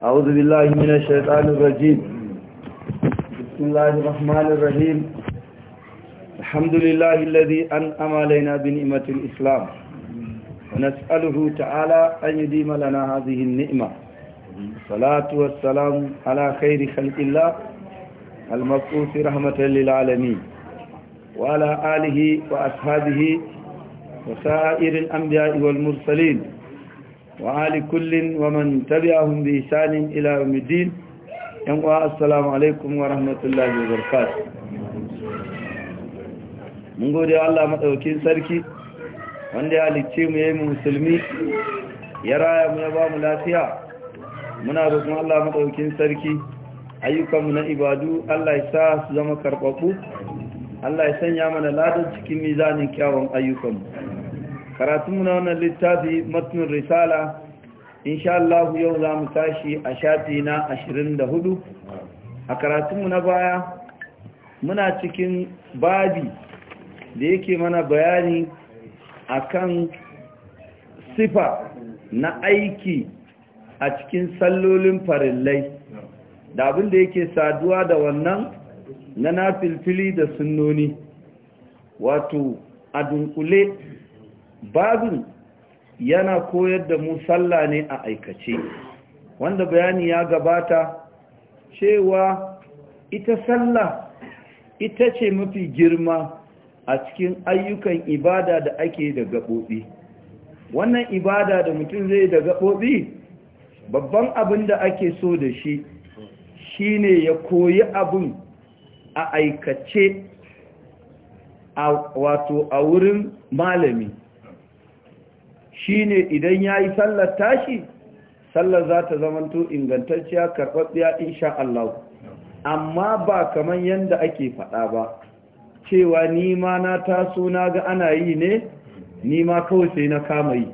أعوذ بالله من الشيطان الرجيم بسم الله الرحمن الرحيم الحمد لله الذي أنعم علينا بنعمة الإسلام ونسأله تعالى أن يديم لنا هذه النعمة الصلاة والسلام على خير خلق الله المبعوث رحمة للعالمين وعلى آله وأصحابه وسائر الأنبياء والمرسلين وآل كل ومن تبعهم بإحسان إلى يوم الدين السلام عليكم ورحمة الله وبركاته mun gode Allah maɗaukin sarki wanda ya halicce mu yayin musulmi ya raya mu ya bamu lafiya muna roƙon Allah maɗaukin sarki ayyukanmu na ibadu Allah ya sa su zama karɓaɓɓu Allah ya sanya mana ladan cikin mizanin kyawun ayyukanmu karatun na wannan littafi matnin risala insha Allah yau za mu tashi a shafi na hudu a karatunmu na baya muna cikin babi da yake mana bayani a kan sifa na aiki a cikin sallolin farillai da abin da yake saduwa da wannan na nafilfili da sunnoni wato a dunkule babin yana koyar da mu sallah ne a aikace wanda bayani ya gabata cewa ita sallah ita ce mafi girma a cikin ayyukan ibada da ake da gaɓoɓi wannan ibada da mutum zai da gaɓoɓi babban abin da ake so da shi shine ya koyi abin a aikace wato a wurin malami shine idan ya yi sallar tashi sallar za ta zamanto ingantacciya karɓaɓɓiya insha Allah amma ba kaman yanda ake faɗa ba cewa ni ma na taso na ga ana yi ne ni ma kawai sai na kama yi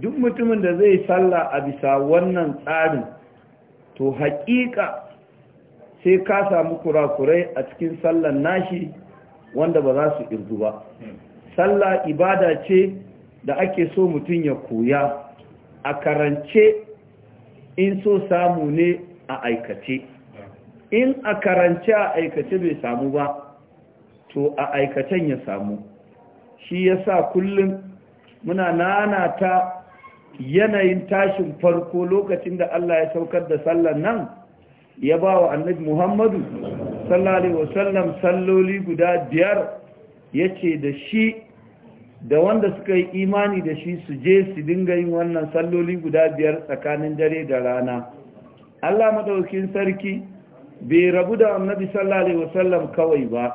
duk mutumin da zai salla a bisa wannan tsarin to haƙiƙa sai ka samu kurakurai a cikin sallar nashi wanda ba za su irgu ba salla ibada ce da ake so mutum ya koya a karance in so samu ne a aikace in a karance a aikace bai samu ba to a aikacen ya samu shi ya sa kullum muna nana ta yanayin tashin farko lokacin da Allah ya saukar da sallan nan ya ba wa annabi Muhammadu sallallahu alaihi wasallam salloli guda biyar yace da shi da wanda suka yi imani da shi su je su dinga yin wannan salloli guda biyar tsakanin dare da rana Allah madaukin sarki bai rabu da annabi sallallahu alaihi wasallam kawai ba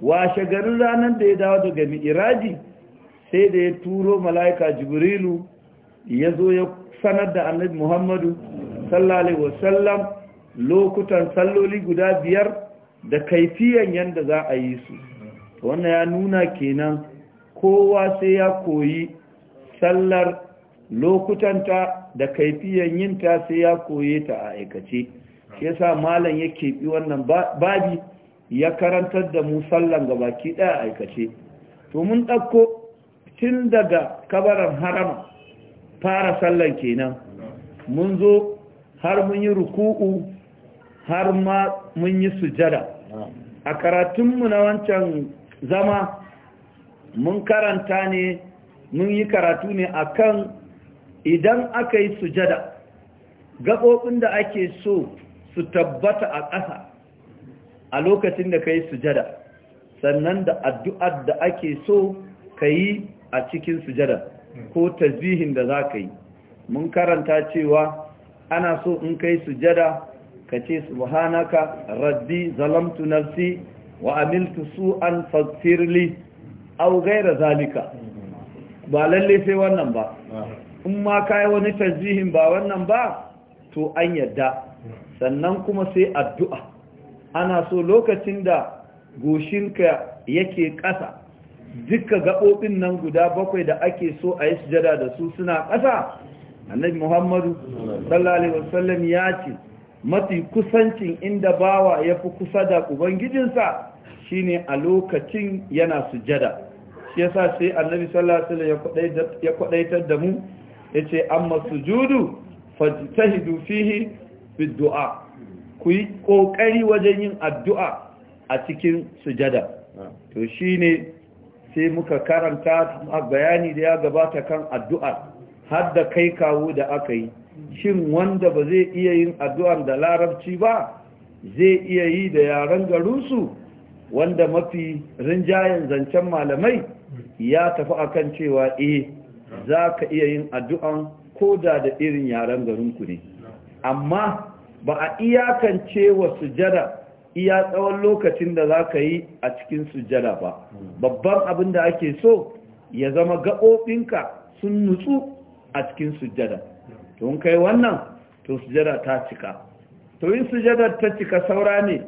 washe garin ranar da ya dawo daga mi'iraji sai da ya turo mala'ika jibrilu ya zo ya sanar da annabi muhammadu sallallahu alaihi wasallam lokutan salloli guda biyar da kaifiyan yanda za a yi su wannan ya nuna kenan kowa sai ya koyi sallar lokutanta da kaifiyan ta sai ya koye ta a aikace shi yasa malam ya keɓi wannan babi ya karantar da mu sallan gabaki da a aikace to mun ɗauko tun daga kabaran harama fara sallan kenan mun zo har mun yi ruku'u har ma mun yi sujada a karatunmu na wancan zama mun karanta ne mun yi karatu ne kan idan aka yi sujada gaɓoɓin da ake so su tabbata a ƙasa a lokacin da ka yi sujada sannan da addu'ar da ake so ka yi a cikin sujada ko tasbihin da za ka yi mun karanta cewa ana so in kai sujada ka ce subhanaka rabbi zalamtu nafsi wa amiltu su'an faghfirli au gaira zalika ba lalle sai wannan ba in ma kai wani tasbihin ba wannan ba to an yadda sannan kuma sai addu'a ana so lokacin da goshinka yake ƙasa duka gaɓoɓin nan guda bakwai da ake so a yi sujada da su suna ƙasa annabi muhammadu sallallahu alaihi wasallam ya ce mafi kusancin inda bawa ya fi kusa da ubangijinsa shine a lokacin yana sujada shi yasa sai annabi sallallahu alaihi wasallam ya kwadaitar da mu yace amma sujudu fajtahidu fihi biddu'a ku yi kokari wajen yin addu'a a cikin sujada to shine sai muka karanta bayani da ya gabata kan addu'a har da kai kawo da aka yi shin wanda ba zai iya yin addu'an da larabci ba zai iya yi da yaren garinsu wanda mafi rinjayen zancen malamai ya tafi akan cewa eh za ka iya yin addu'an ko da da irin yaren garin ku ne amma ba a iyakance wa sujada iya tsawon lokacin da za ka yi a cikin sujada ba babban abin da ake so ya zama gaɓoɓinka sun nutsu a cikin sujada to kai wannan to sujada ta cika to yin sujada ta cika saura ne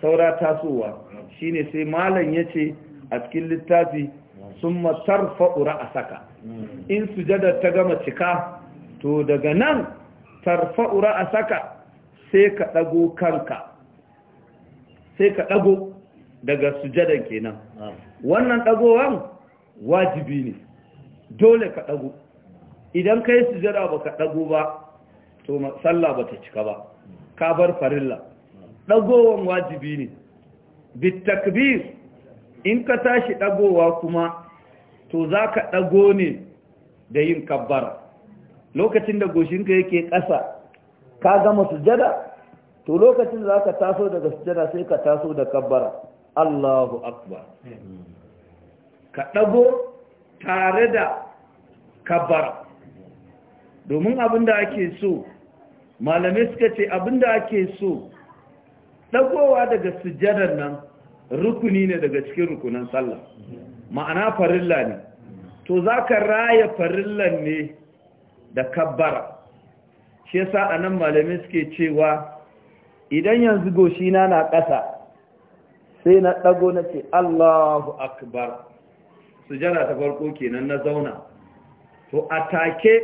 saura tasowa shine sai malam ya ce a cikin littafi sun matar fa'ura a saka in sujada ta gama cika to daga nan tarfa'ura a saka sai ka ɗago kanka sai ka ɗago daga sujadan kenan wannan ɗagowan wajibi ne dole ka ɗago idan ka yi sujada ba ka ɗago ba to sallah ba ta cika ba ka bar farilla ɗagowan wajibi ne bittakbir in ka tashi ɗagowa kuma to za ka ɗago ne da yin kabbara lokacin da goshinka yake ƙasa ka gama sujada to lokacin za ka taso daga sujada sai ka taso da kabbara Allahu akbar ka ɗago tare da kabbara domin abinda ake so malamai suka ce abin da ake so ɗagowa daga sujadar nan rukuni ne daga cikin rukunan sallah ma'ana farilla ne to za ka raya farillan ne da kabbara shi yasa a nan malamin suke cewa idan yanzu goshina na ƙasa sai na ɗago na ce allahu akbar su jana ta farko kenan na zauna to a take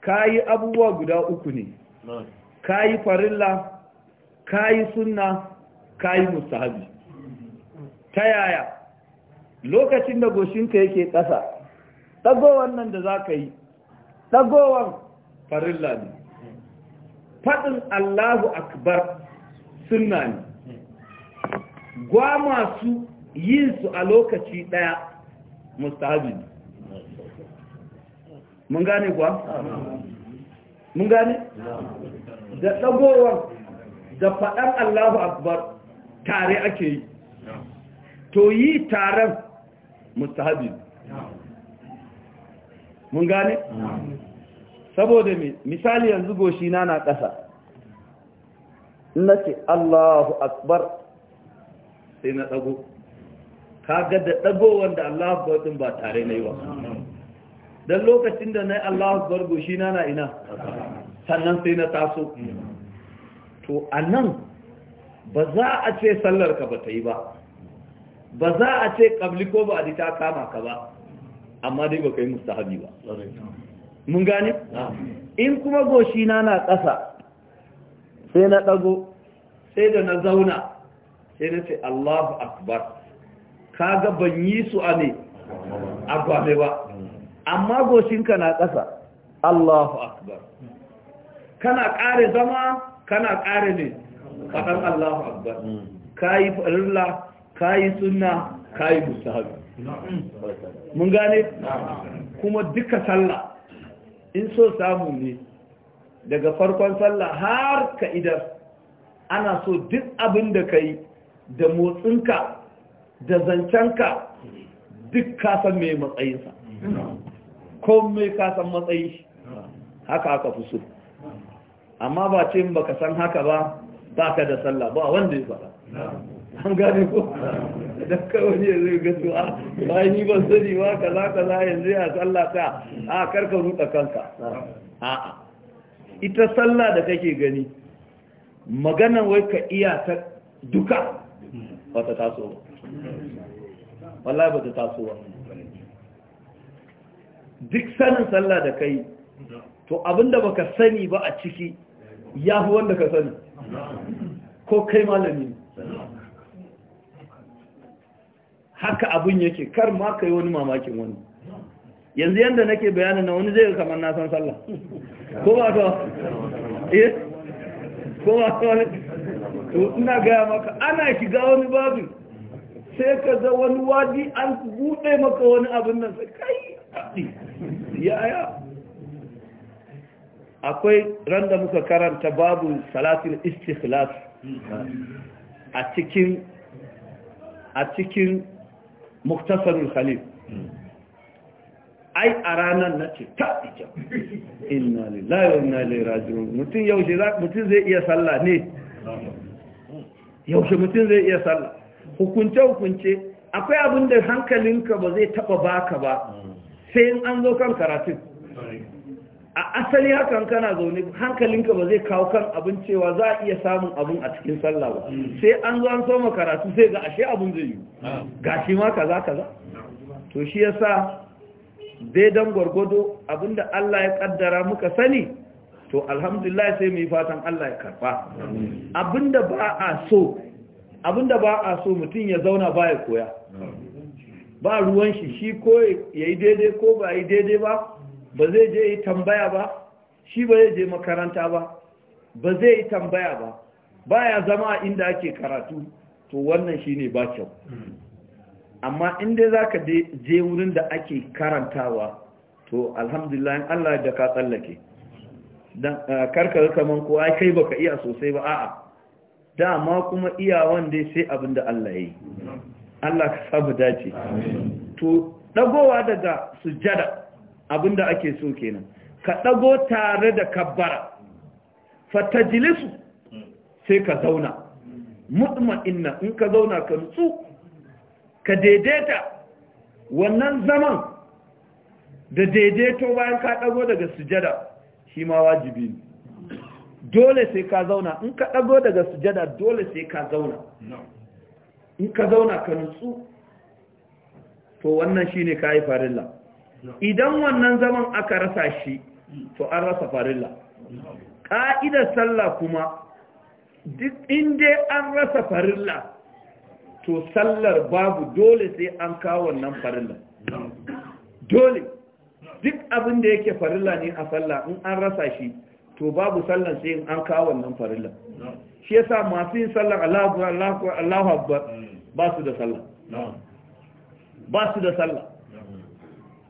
ka yi abubuwa guda uku ne ka yi farilla ka yi sunna ka yi musahabi ta yaya lokacin da goshinka yake ƙasa ɗagowar nan da za ka yi ɗagowar farilla ne faɗin allahu akbar sunna ne gwa su yin su a lokaci ɗaya mustahabi ne mun gane gwa? mun gane? da ɗagowar da faɗan allahu akbar tare ake yi to yi taron mustahabi mun gane saboda misali yanzu goshi na na ƙasa nace Allahu akbar sai na dago kaga da dago wanda Allahu akbar din ba tare nayi ba dan lokacin da nayi Allahu akbar goshi na na ina sannan sai na taso to anan ba za a ce sallar ka ba ta yi ba ba za a ce ƙabli ko ba a ta kama ka ba amma dai ba ka yi mustahabi ba mun gane? in kuma goshi na na ƙasa sai na ɗago sai da na zauna sai na ce allahu akbar ga ban yi su a ne a gwame ba amma goshinka na ƙasa allahu akbar kana ƙare zama kana ƙare ne faɗan allahu akbar ka yi farilla kayi sunna kayi mustahabi mun gane kuma duka sallah in so samu ne daga farkon sallah har ka idar ana so duk abin da kai da motsinka da zancenka duk kasan mai matsayinsa ko mai kasan matsayi haka aka fi so amma ba ce baka san haka ba baka da sallah ba wanda ya faɗa an gane ko da kawai ya zai ga su a bayan yi ban sani ba kaza kaza yanzu ya sallah ta a ah, karka ruɗa kanka a'a ita sallah da kake gani maganan wai ka iya ta duka ba ta taso ba wallahi ba ta taso ba duk sanin sallah da kai to abinda baka sani ba a ciki ya fi wanda ka sani ko kai malami ne haka abin yake kar ma kai wani mamakin wani yanzu yadda nake bayanin na wani zai kamar na san sallah ko ba ta eh ko ba to to ina gaya maka ana shiga wani babu sai ka za wani wadi an bude maka wani abin nan sai kai ya ya akwai randa muka karanta babu salatul istikhlas a cikin a cikin muktasarul khalif ai a ranar na ce ta ija inna lillahi wa inna ilaihi raji'un mutum yaushe mutun zai iya sallah ne yaushe mutun zai iya sallah hukunce hukunce akwai abin da hankalinka ba zai taba baka ba sai in an zo kan karatun a asali hakan kana zaune hankalinka ba zai kawo kan abin cewa za a iya samun abin a cikin sallah ba hmm. sai an zo an soma karatu sai ga ashe abin zai yi ah. gashi ma kaza kaza to shi yasa dan gwargwado abinda Allah ya kaddara muka sani to alhamdulillah sai mu yi fatan Allah ya karba hmm. abinda ba a so abinda ba a so mutum ya zauna baya koya hmm. ba ruwan shi shi ko yayi daidai ko ba yi daidai ba ba zai je yi tambaya ba shi ba zai je makaranta ba ba zai yi tambaya ba Ba ya zama inda ake karatu to wannan shi ne ba kyau amma inda za ka je wurin da ake karantawa to alhamdulillah Allah da ka tsallake don karkar kaman kowa kai baka iya sosai ba a'a dama kuma iya wanda sai abin da Allah ya yi Allah ka samu dace to dagowa daga sujada abinda ake so kenan ka dago tare da kabbara fatajlisu sai ka zauna mutma'inna in ka zauna ka nutsu ka daidaita wannan zaman da daidaito bayan ka dago daga sujada shi ma wajibi ne dole sai ka zauna in ka dago daga sujada dole sai ka zauna in ka zauna ka nutsu to wannan shine kai farilla idan wannan zaman aka rasa shi to an rasa farilla Ka'idar sallah kuma duk inda an rasa farilla to sallar babu dole sai an kawo wannan farilla dole duk abin da yake farilla ne a sallah in an rasa shi to babu sallar sai an kawo wannan farilla shi yasa masu yin sallar Allahu Akbar ba su da sallah ba su da sallah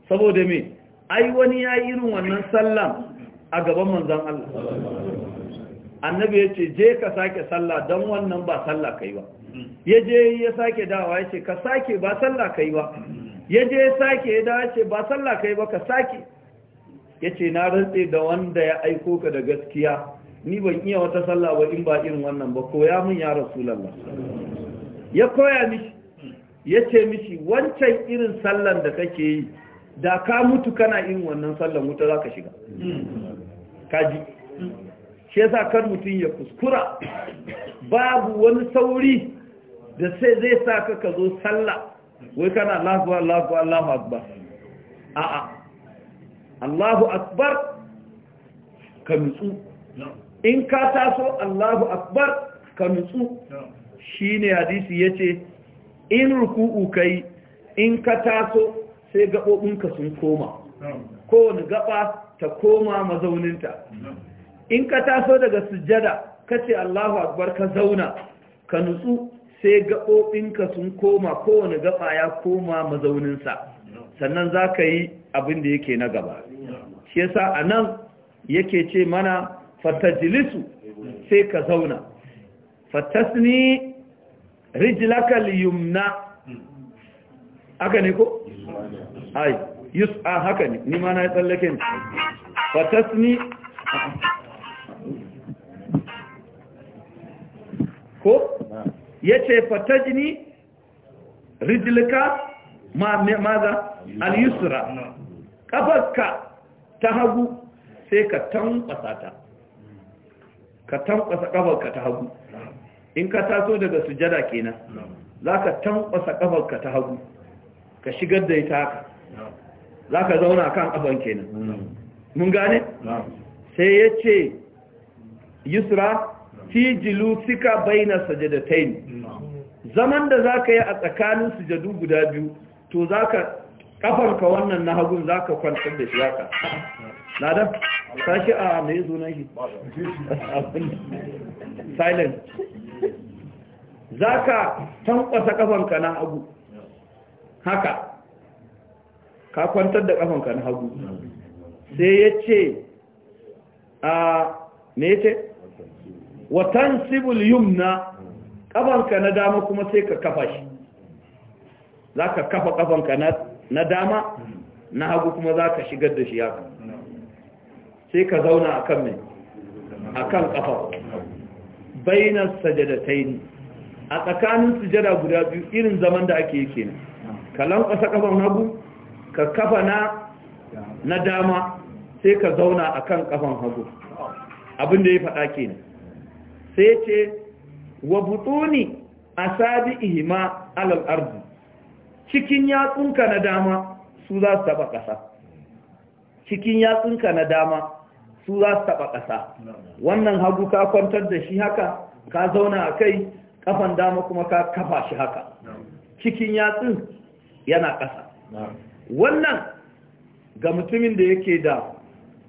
saboda me ai wani ya yi irin wannan sallan a gaban manzan Allah annabi ya ce je ka sake sallah don wannan ba sallah kai ba ya je ya sake dawa ya ce ka sake ba sallah kai ba ya je ya sake ya dawa ya ce ba sallah kai ba ka sake ya ce na rantse da wanda ya aiko ka da gaskiya ni ban iya wata sallah ba in ba irin wannan ba koya min ya rasulallah ya koya mishi ya ce mishi wancan irin sallan da kake yi da ka mutu kana yin wannan sallan wuta za ka shiga kaji shi yasa kar mutum ya kuskura babu wani sauri da sai zai sa ka ka zo sallah wai kana Allahu Allahu Allahu akbar a'a Allahu akbar ka nutsu in ka taso Allahu akbar ka nutsu Shi ne hadisi ya ce in ruku'u kai in ka taso sai gaɓoɓinka sun koma kowane gaɓa ta koma mazauninta in ka taso daga sujjada ka ce Allahu akbar ka zauna ka nutsu sai gaɓoɓinka sun koma kowane gaɓa ya koma mazauninsa sannan za ka yi abin da yake na gaba shi yasa a nan yake ce mana fatajilisu sai ka zauna fatasni rijilakal yumna aka ne ko ai a haka ne ni ma na yi tsallake ne ni ko ya ce fatajini ma maza al-yusra ka ta hagu sai ka tankwasa ta ka tankwasa ka ta hagu in ka taso daga sujada kenan za ka tankwasa ka ta hagu ka shigar da ita haka za ka zauna kan abin kenan mun gane sai ya ce yusra fi suka baina sajadatain zaman da za ka yi a tsakanin sujadu guda biyu to za ka ka wannan na hagun za ka kwantar da shi haka da? sashi a mai zo na shi silent za ka tankwasa kafanka na hagu haka ka kwantar da kafanka na hagu sai ya ce a ne ce watan sibul yumna kafanka na dama kuma sai ka kafa shi za ka kafa kafanka na dama na hagu kuma za ka shigar da shi haka sai ka zauna a kan mai a kan kafa bainar sajadatai ne a tsakanin sujada guda biyu irin zaman da ake yi kenan ka lankwasa kafan hagu ka kafa na na dama sai ka zauna a kan kafan hagu abin da ya faɗa ne. sai ce wa sabi ihima alal ardu cikin yatsunka na dama su za su taba ƙasa cikin yatsunka na dama su za su taba ƙasa wannan hagu ka kwantar da shi haka ka zauna a kai ƙafan dama kuma ka kafa shi haka cikin yatsun yana ƙasa wannan ga mutumin da yake da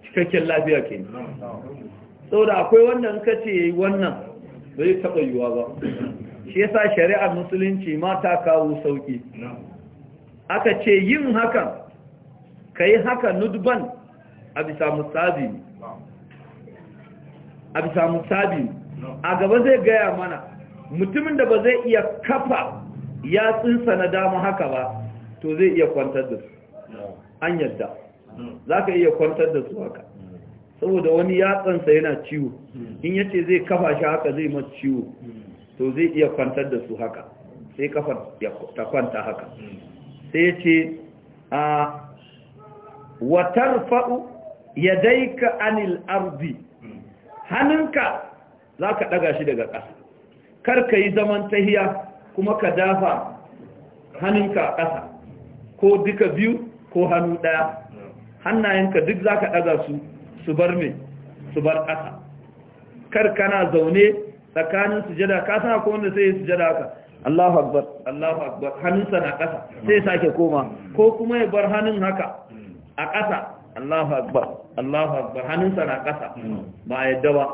cikakken lafiya ke saboda akwai wannan kace yayi wannan bai taɓa yiwuwa ba shi yasa shari'ar musulunci ma ta kawo sauƙi. aka ce yin hakan ka yi haka nudban a bisa musabi a bisa musabi a gaba zai gaya mana mutumin da ba zai iya kafa yatsunsa na dama haka ba to zai iya kwantar da su an yadda za ka iya kwantar da su haka saboda wani yatsansa yana ciwo in yace zai kafa shi haka zai mace ciwo to zai iya kwantar da su haka sai kafa ta kwanta haka sai ya ce a watar fa'u ya daika anil arzi hannunka za ka ɗaga shi daga ƙasa kar ka yi zaman tahiya kuma ka dafa hannunka a ƙasa ko duka biyu ko hannu ɗaya hannayenka duk za ka ɗaga su su bar me su bar ƙasa kar kana zaune tsakanin sujada ka sa ko wanda sai sujada haka Allahu akbar Allahu akbar hannunsa na ƙasa sai ya sake koma ko kuma ya bar hannun haka a ƙasa Allahu akbar Allahu akbar hannunsa na ƙasa ba yadda ba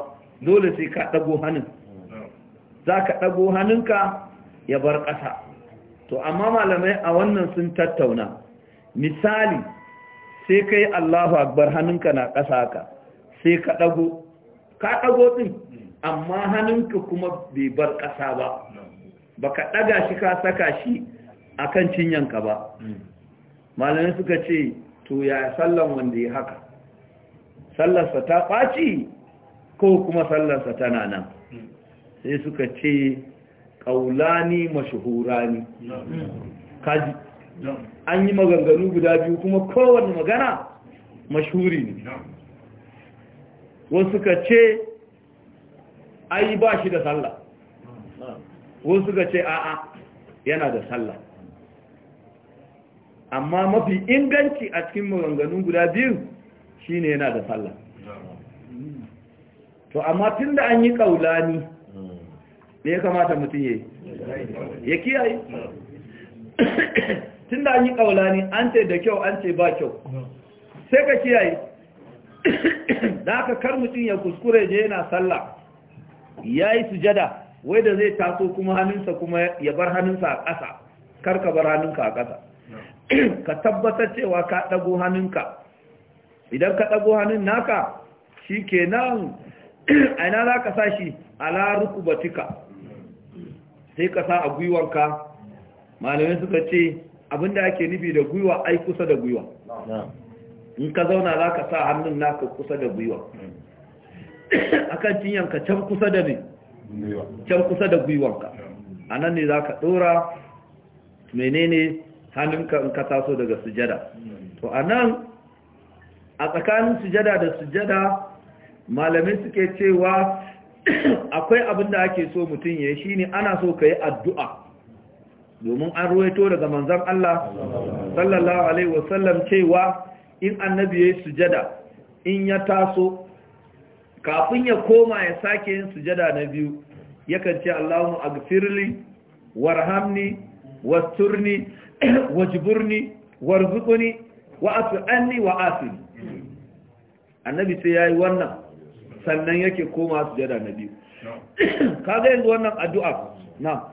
dole sai ka ɗago hannun za ka ɗago hannunka ya bar ƙasa to amma malamai a wannan sun tattauna misali sai ka yi allahu akbar hannunka na ƙasa ka sai ka ɗago ka ɗago ɗin amma hannunka kuma bai bar ƙasa ba ba ka ɗaga shi ka saka shi a kan cinyanka ba malamai suka ce to ya sallan wanda ya haka sallarsa ta ɓaci ko kuma sallarsa tana nan sai suka ce ƙaulani mashuhurani kaji an yi maganganu guda biyu kuma kowane magana mashuri ne wasu ka ce ai ba shi da sallah wasu ka ce a'a yana da sallah amma mafi inganci a cikin maganganu guda biyu shine yana da sallah to amma tunda an yi ƙaulani me ya kamata mutum ya yi ya kiyaye tun da an yi kaulani an ce da kyau an ce ba kyau sai ka kiyaye da aka kar mutum ya kuskure je yana sallah ya yi sujada wai da zai taso kuma hannunsa kuma ya bar hannunsa a ƙasa kar ka bar hannunka a ƙasa ka tabbatar cewa ka ɗago hannunka idan ka ɗago hannun naka shi kenan aina za ka sa shi a larukubatika sai ka sa a gwiwanka malamai suka ce abinda ake nufi da gwiwa ai kusa da gwiwa in ka zauna za ka sa hannun naka kusa da gwiwa hmm. akan cinyanka can kusa da ne can kusa da gwiwanka a nan ne za ka ɗora menene hannunka in ka taso daga sujada hmm. to a nan a tsakanin sujada da sujada malamai suke cewa akwai abin da ake so mutum ya shi ne ana so ka yi addu'a domin an ruwaito daga manzan Allah sallallahu Alaihi wasallam cewa in annabi ya sujada in ya taso kafin ya koma ya sake yin sujada na biyu yakan ce Allahumma agfirli warhamni wasturni wajburni warzuqni wa afini annabi sai yayi wannan sannan yake koma su jada na biyu Ka ga yanzu wannan addu'a eh, na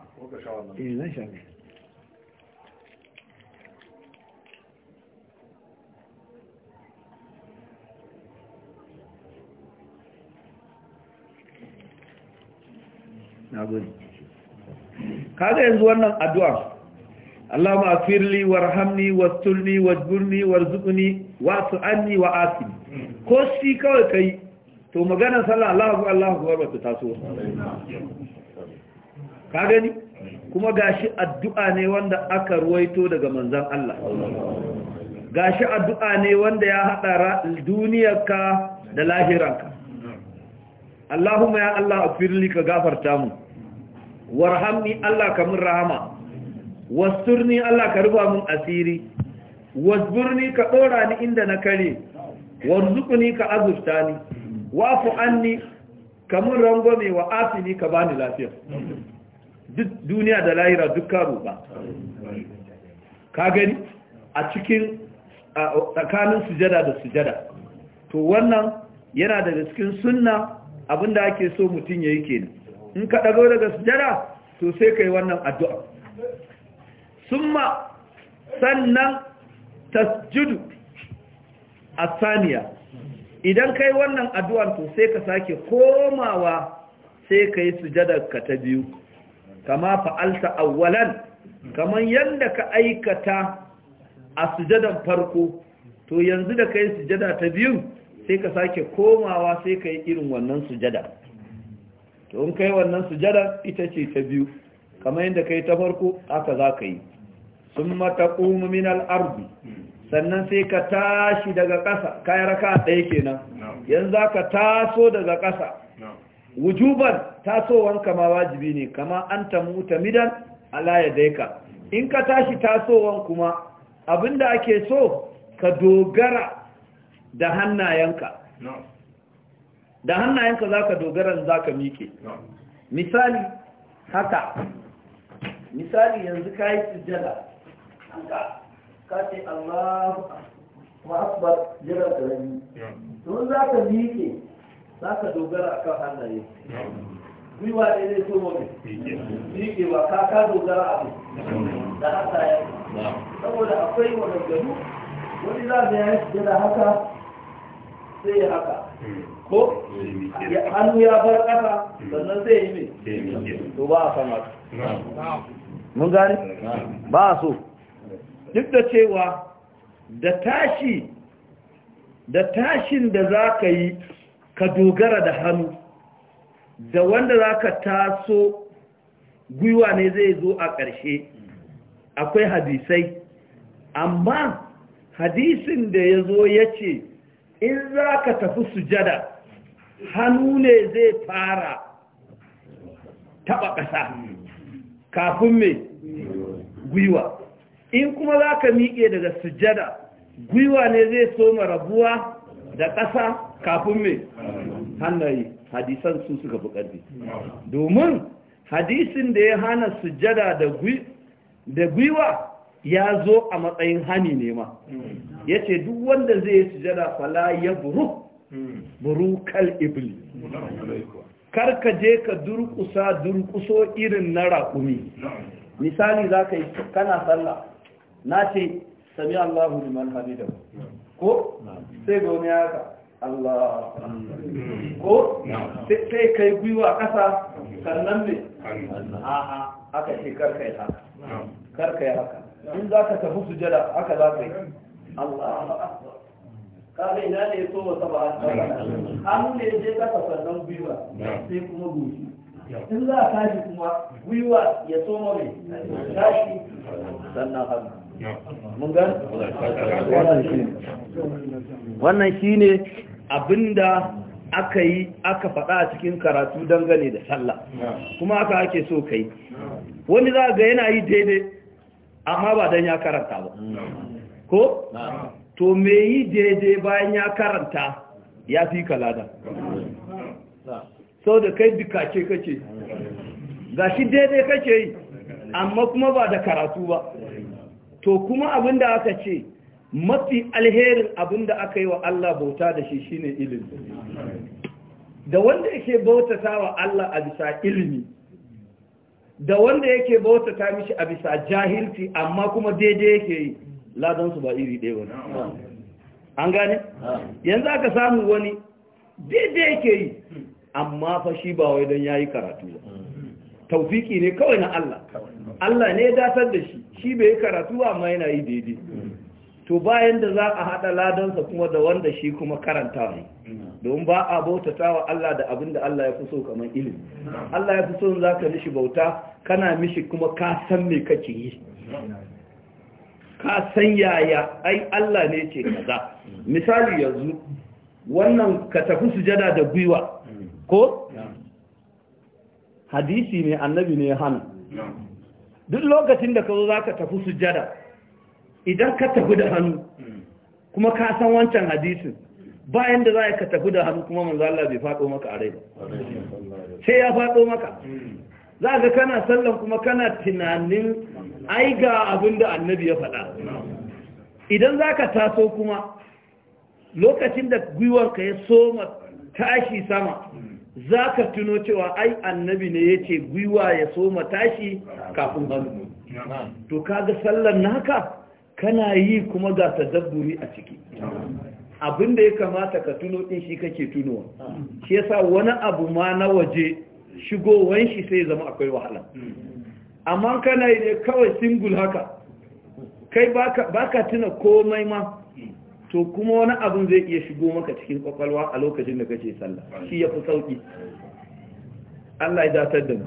Ka ga yanzu wannan addu'a Allahumma wa warhamni wa wajburni warzuqni su'anni wa asini, hmm. ko shi kawai kai to maganar sallah Allahu Allahu akbar ta taso ka gani kuma gashi addu'a ne wanda aka ruwaito daga manzan Allah gashi addu'a ne wanda ya hada duniyarka da lahiranka Allahumma ya Allah afirli ka gafarta mu warhamni Allah ka mun rahama wasturni Allah ka ruba mun asiri wasburni ka dora ni inda na kare warzuqni ka azurta ni wafu anni kamun mai wa afini ka bani lafiya duk duniya da lahira duk karo ba ka gani a cikin tsakanin sujada da sujada to wannan yana daga cikin sunna abinda ake so mutum ya yi kenan in ka ɗago daga sujada to sai yi wannan addu'a summa sannan tasjudu saniya. idan kai wannan addu'ar to sai ka sake komawa sai ka yi ka ta biyu kama fa'alta awwalan kamar yadda ka aikata a sujadan farko to yanzu da ka yi sujada ta biyu sai ka sake komawa sai ka yi irin wannan sujada to in ka yi wannan sujada ita ce ta biyu kamar yadda ka yi ta farko aka za ka yi sun mata ƙumumin al'arbi sannan sai ka tashi daga ƙasa kayan raka ɗaya kenan yanzu za ka taso daga ƙasa wujuban tasowan kama wajibi ne kama an tamu midan, ala ya daika in ka tashi tasowan kuma abinda ake so ka dogara da hannayenka da hannayenka za ka dogara za ka miƙe misali haka misali yanzu ka yi sujjada haka kace Allahu akbar jira da rani don za ka miƙe za ka dogara a kan hannaye gwiwa ne zai so mafi miƙe ba ka ka dogara abu da haka ya saboda akwai wadanganu wani za ka yi da haka sai ya haka ko hannu ya bar ƙasa sannan sai yi mai to ba a sama mun gane ba a so duk da cewa da tashi da tashin da za ka yi ka dogara da hannu da wanda za ka taso gwiwa ne zai zo a ƙarshe akwai hadisai amma hadisin da ya zo ya ce in za ka tafi sujada hannu ne zai fara taɓa ƙasa kafin mai gwiwa in kuma za ka miƙe daga sujada gwiwa ne zai soma rabuwa da ƙasa kafin mai hannaye hadisan su suka fi ƙarfi domin hadisin da ya hana sujada da gwiwa ya zo a matsayin hani ne ma ya ce duk wanda zai yi sujada fala ya buru buru kal ibli karka je ka durkusa durkuso irin na raƙumi misali za ka yi kana sallah na ce sami Allahu liman hamida ko sai ga wani haka Allah ko sai kai gwiwa ƙasa sannan ne a'a aka ce karka yi haka karka yi haka in za ka tafi su jada haka za ka yi Allah kare na ne so wata ba hannu ne je kasa sannan gwiwa sai kuma gudu in za a tashi kuma gwiwa ya soma mai tashi sannan hannu Wannan shi ne abin da aka yi aka faɗa a cikin karatu dangane da sallah kuma aka ake so ka yi. wani za ga yana yi daidai amma ba don ya karanta ba ko to me yi daidai bayan ya karanta ya fi kalada sau da kai ce kake ga shi daidai kake yi amma kuma ba da karatu ba to kuma abin da aka ce mafi alherin abin da aka yi wa Allah bauta da shi shine ilimi da wanda yake bautata wa Allah a bisa ilimi da wanda yake bautata mishi a bisa jahilci amma kuma daidai yake yi ladansu ba iri ɗaya wani an gane yanzu aka samu wani daidai yake yi amma fa shi ba wai don ya yi karatu ba taufiki ne kawai na Allah Allah ne ya datar da shi shi bai yi karatu amma yana yi daidai to bayan da za a haɗa ladansa kuma da wanda shi kuma karanta ne don ba a bautata wa Allah da abin da Allah ya fi so kamar ilimi Allah ya fi so za ka mishi bauta kana mishi kuma ka san me kake yi ka san yaya ai Allah ne ce kaza misali yanzu wannan ka tafi sujada da gwiwa ko hadisi ne annabi ne hana duk lokacin da ka zo za ka tafi sujada idan ka tafi da hannu kuma ka san wancan hadisin bayan da za ka tafi da hannu kuma manzo Allah bai faɗo maka a rai ba sai ya faɗo maka za ka kana sallan kuma kana tunanin ai ga abin da annabi ya faɗa idan za ka taso kuma lokacin da gwiwar ka ya soma tashi sama za ka tuno cewa ai annabi ne ya ce gwiwa ya so matashi kafin hannu to kaga sallar naka kana yi kuma ga tadabburi a ciki abin da ya kamata ka tuno din shi kake tunowa shi yasa wani abu ma na waje shigowan shi sai zama akwai wahala amma kana yi ne kawai singul haka kai baka tuna komai ma to kuma wani abin zai iya shigo maka cikin kwakwalwa a lokacin da kace sallah shi ya fi sauki Allah ya datar da mu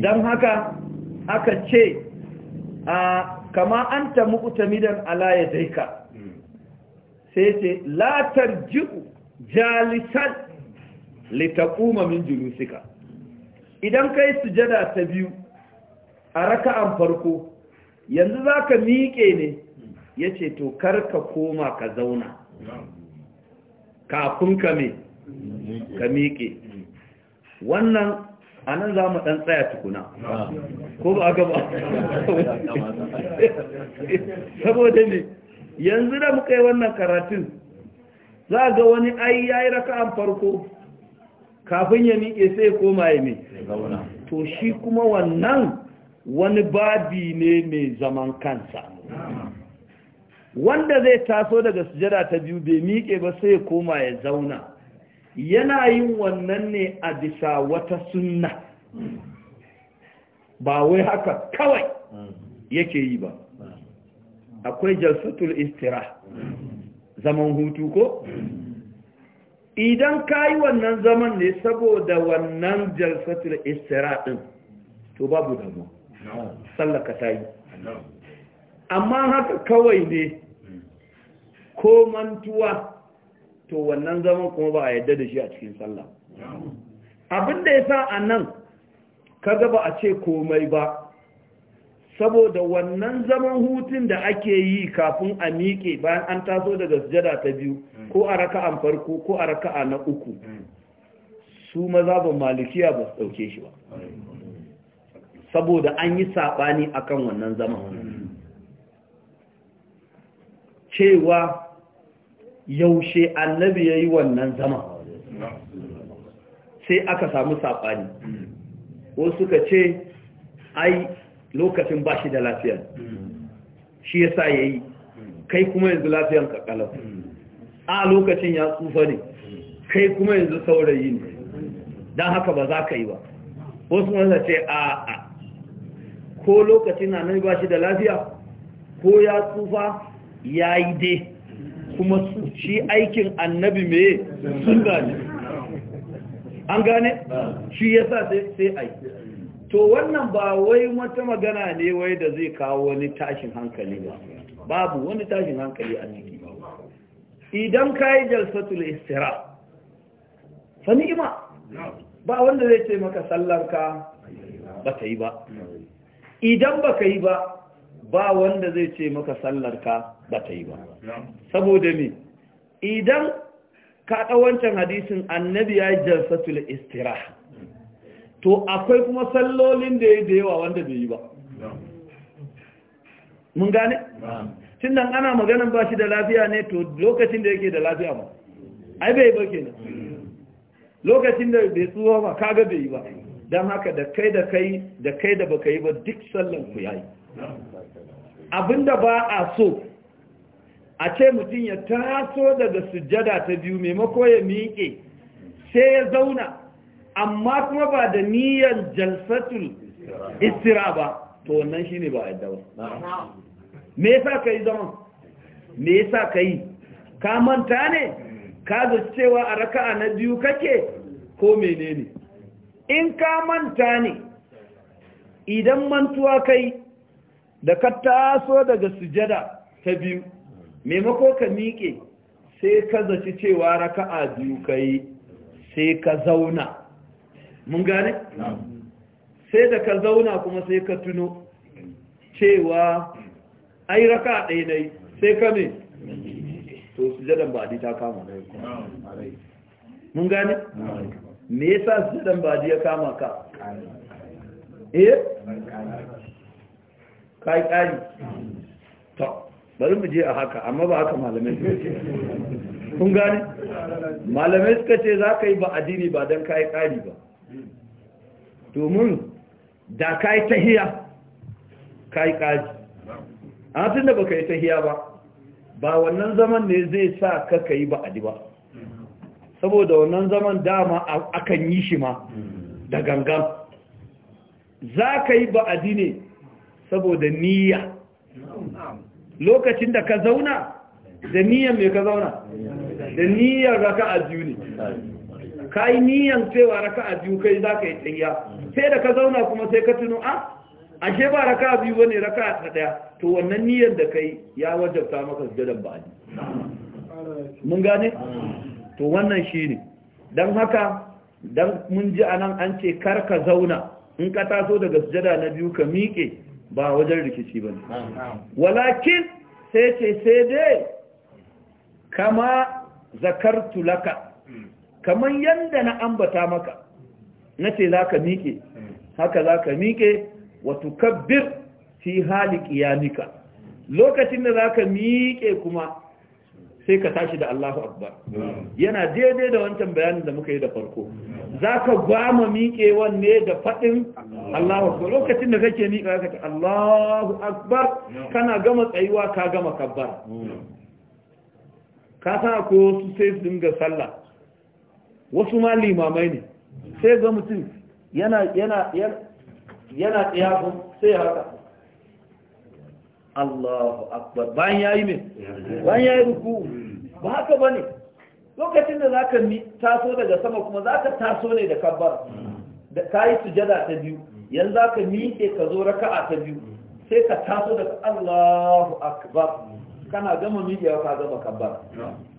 don haka aka ce a kama an ta mu'tamidan ala ya sai ce la tarji'u jalisan li taquma min julusika idan kai sujada ta biyu a raka'an farko yanzu zaka miƙe ne ya ce to kar ka koma ka zauna kafin ka me ka miƙe wannan a nan za mu ɗan tsaya tukuna ko ba aka ba saboda ne yanzu da muka yi wannan karatun za ga wani ai ya yi raka'an farko kafin ya miƙe sai koma ya me to shi kuma wannan wani babi ne mai zaman kansa wanda zai taso daga sujada ta biyu bai miƙe ba sai ya koma ya zauna yana yin wannan ne a bisa wata sunna ba wai haka kawai yake yi ba akwai jalsatul istira zaman hutu ko idan ka yi wannan zaman ne saboda wannan jalsatul istira ɗin to babu damu sallaka ta yi amma haka kawai ne ko mantuwa to wannan zaman kuma ba a yadda da shi a cikin sallah abin da ya sa a nan kaga ba a ce komai ba saboda wannan zaman hutun da ake yi kafin a miƙe bayan an taso daga sujada ta biyu hmm. ko a raka'an farko ko a raka'a na uku hmm. su maza ba malikiya ba su ɗauke shi ba saboda an yi saɓani akan wannan zaman hmm. cewa yaushe annabi ya yi wannan zama sai aka samu saɓani wasu suka ce ai lokacin ba shi da lafiya shi ya sa ya yi kai kuma yanzu lafiyan kakalau a lokacin ya tsufa ne kai kuma yanzu saurayi ne don haka ba za ka yi ba wasu wanda ce a a ko lokacin na nan ba shi da lafiya ko ya tsufa ya yi dai kuma shi aikin annabi me sun gane. an gane shi ya sai sai ai to wannan ba wai wata magana ne wai da zai kawo wani tashin hankali ba babu wani tashin hankali a ciki idan yi jalsatul istira Sani Ima, ba wanda zai ce maka sallanka ba ta yi ba idan ba ka yi ba ba wanda zai ce maka sallar ka ba ta yi ba saboda ni idan ka wancan hadisin annabi ya yi jalsatul istiraha to akwai kuma sallolin da ya da yawa wanda bai yi ba mun gane? tun nan ana maganin ba shi da lafiya ne to lokacin da yake da lafiya ba ai bai ba ke lokacin da bai tsuwa ba kaga bai yi ba don haka da kai da kai da kai da baka yi ba duk sallan ku yayi abinda ba a so a ce mutum ya taso daga sujada ta biyu maimako ya miƙe sai ya zauna amma kuma ba da niyyar jalsatul istira ba to wannan shi ne ba yadda ba me yasa yi zaman me yasa sa ka manta ne ka zaci cewa a raka'a na biyu kake ko menene in ka manta ne idan mantuwa kai da ka taso daga sujada ta biyu maimako ka miƙe sai ka zaci cewa raka'a biyu ka yi sai ka zauna mun gane? sai da ka zauna kuma sai ka tuno cewa ai raka ɗaya na yi sai ka me to sujadan ba ta kama mun gane? me yasa sujadan ba ya kama ka? eh? ka yi ƙari to bari mu je a haka amma ba haka malamai ce. kun gane malamai suka ce za ka yi ba addini ba don ka yi ƙari ba domin da ka yi tahiya ka yi ƙari a tun da ba ka yi tahiya ba ba wannan zaman ne zai sa ka ka yi ba adi ba saboda wannan zaman dama akan yi shi ma da gangan za ka yi ba ne saboda niyya lokacin da ka zauna da niyyar mai ka zauna da niyyar raka a biyu ne ka yi niyyar cewa raka a biyu kai za ka yi tsayya sai da ka zauna kuma sai ka tuno a ah, ashe ba raka a biyu ba ne raka a ɗaya to wannan niyyar da kai ya wajabta maka sujadar ba mun gane to wannan shi ne don haka don mun ji anan an ce kar ka zauna in ka taso daga sujada na biyu ka miƙe ba wajen rikici ba walakin sai ce sai dai kama zakartu laka kaman yadda na ambata maka na ce za ka miƙe haka za ka miƙe wato kabbir fi hali ƙiyamika lokacin da za ka miƙe kuma sai ka tashi da Allahu Akbar yana daidai da wancan bayanin da muka yi da farko za ka gwama miƙewan ne da faɗin Allahu Akbar lokacin da kake miƙa ka ta Allahu Akbar kana gama tsayuwa ka gama kabbar ka sa ko su sai su dinga sallah wasu ma limamai ne sai ga mutum yana yana yana tsaya sai haka Allahu akbar bayan yayi me bayan yayi ruku ba haka bane lokacin da zaka mi taso daga sama kuma zaka taso ne da kabbar da kai sujada ta biyu yanzu zaka miƙe ka zo raka'a ta biyu sai ka taso daga Allahu akbar kana gama miƙe ka gama kabbar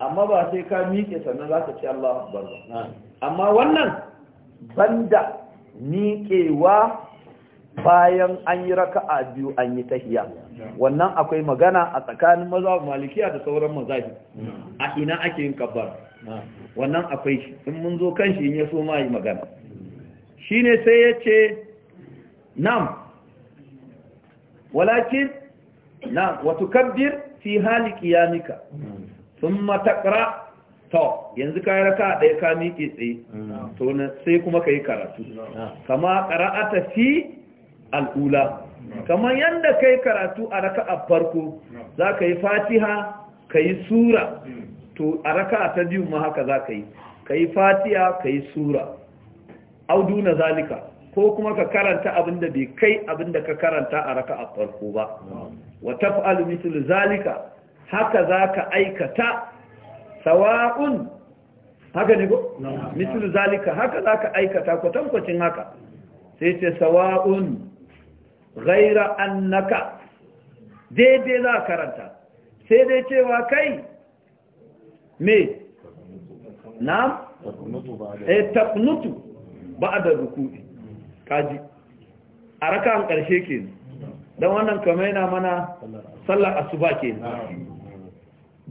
amma ba sai ka miƙe sannan zaka ce Allahu akbar ba amma wannan banda miƙewa bayan an yi raka'a biyu an yi tahiya wannan akwai magana a tsakanin mazhab malikiya da sauran mazhabi a ina ake yin kabbar wannan akwai shi in mun zo kan shi in ya so ma yi magana shine sai ya ce nam walakin na wa kabbir fi hali kiyamika sun taqra to yanzu kayan raka ɗaya ka miƙe tsaye sai kuma ka yi karatu kama ƙara'ata fi al'ula kamar yadda ka karatu a raka a farko za ka yi fatiha ka yi sura to a raka ta biyu ma haka za ka yi ka yi fatiha ka yi sura audu na zalika ko kuma ka karanta abinda bai kai abinda ka karanta a raka a farko ba wa taf'alu zalika haka ka aikata sawa'un haka ne ko mithlu zalika haka ka aikata kwatankwacin haka sai ce sawa'un ghaira annaka daidai za karanta sai dai cewa kai me na'am ba eh, taqnutu ba'da ruku'i kaji a an karshe kenan dan wannan kamar yana mana sallar asuba kenan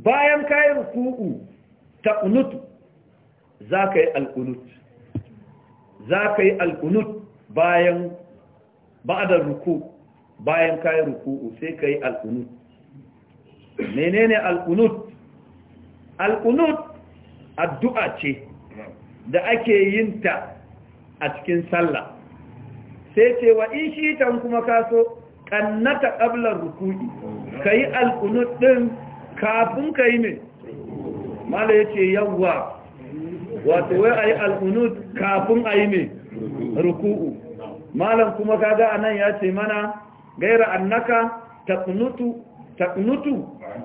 bayan kayi ruku'u taqnutu za ka yi alqunut za ka yi alqunut bayan ba'da ruku bayan kai ruku'u sai kai al-qunut menene al-qunut al-qunut addu'a ce da ake yin ta a cikin sallah sai ce wa in shi tan kuma kaso kannata qabla ruku'i kai al-qunut din kafin kai ne mala yace yawwa wato wai ayi al-qunut kafin ayi ne ruku'u malam kuma kaga anan ya ce mana gaira annaka taqnutu taqnutu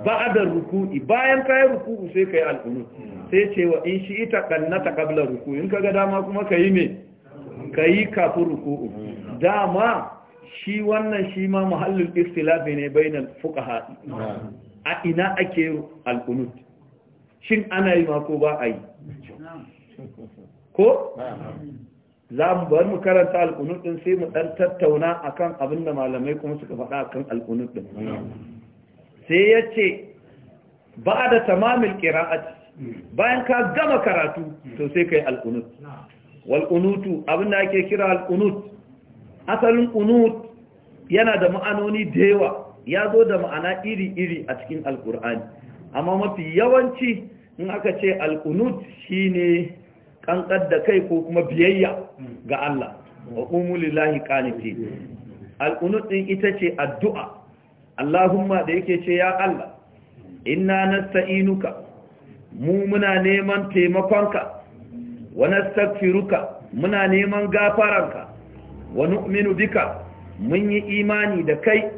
ba'da ruku'i bayan kai ruku'u sai kai alqunut sai ce wa in shi ita qannata qabla ruku'i in kaga dama kuma kai me kai kafin ruku'u dama shi wannan shi ma mahallul ikhtilafi ne bainal fuqaha a ina ake alqunut shin ana yi ma ko ba a yi ko za mu bar mu karanta alƙunut ɗin sai mu ɗan tattauna a kan abin da malamai kuma suka faɗa a kan alƙunut ɗin. sai ya ce ba da tamamil qira'ati bayan ka gama karatu to sai ka yi alƙunut walƙunutu abin da ake kira alkunut asalin kunut yana da ma'anoni da yawa ya zo da ma'ana iri-iri a cikin alkur'ani amma mafi yawanci in aka ce alkunut shine kankar da kai ko kuma biyayya ga Allah wa qumu lillahi qanitin alqunut din ita ce addu'a Allahumma da yake ce ya Allah inna nasta'inuka mu muna neman taimakonka wa nastaghfiruka muna neman gafaranka wa nu'minu bika mun yi imani da kai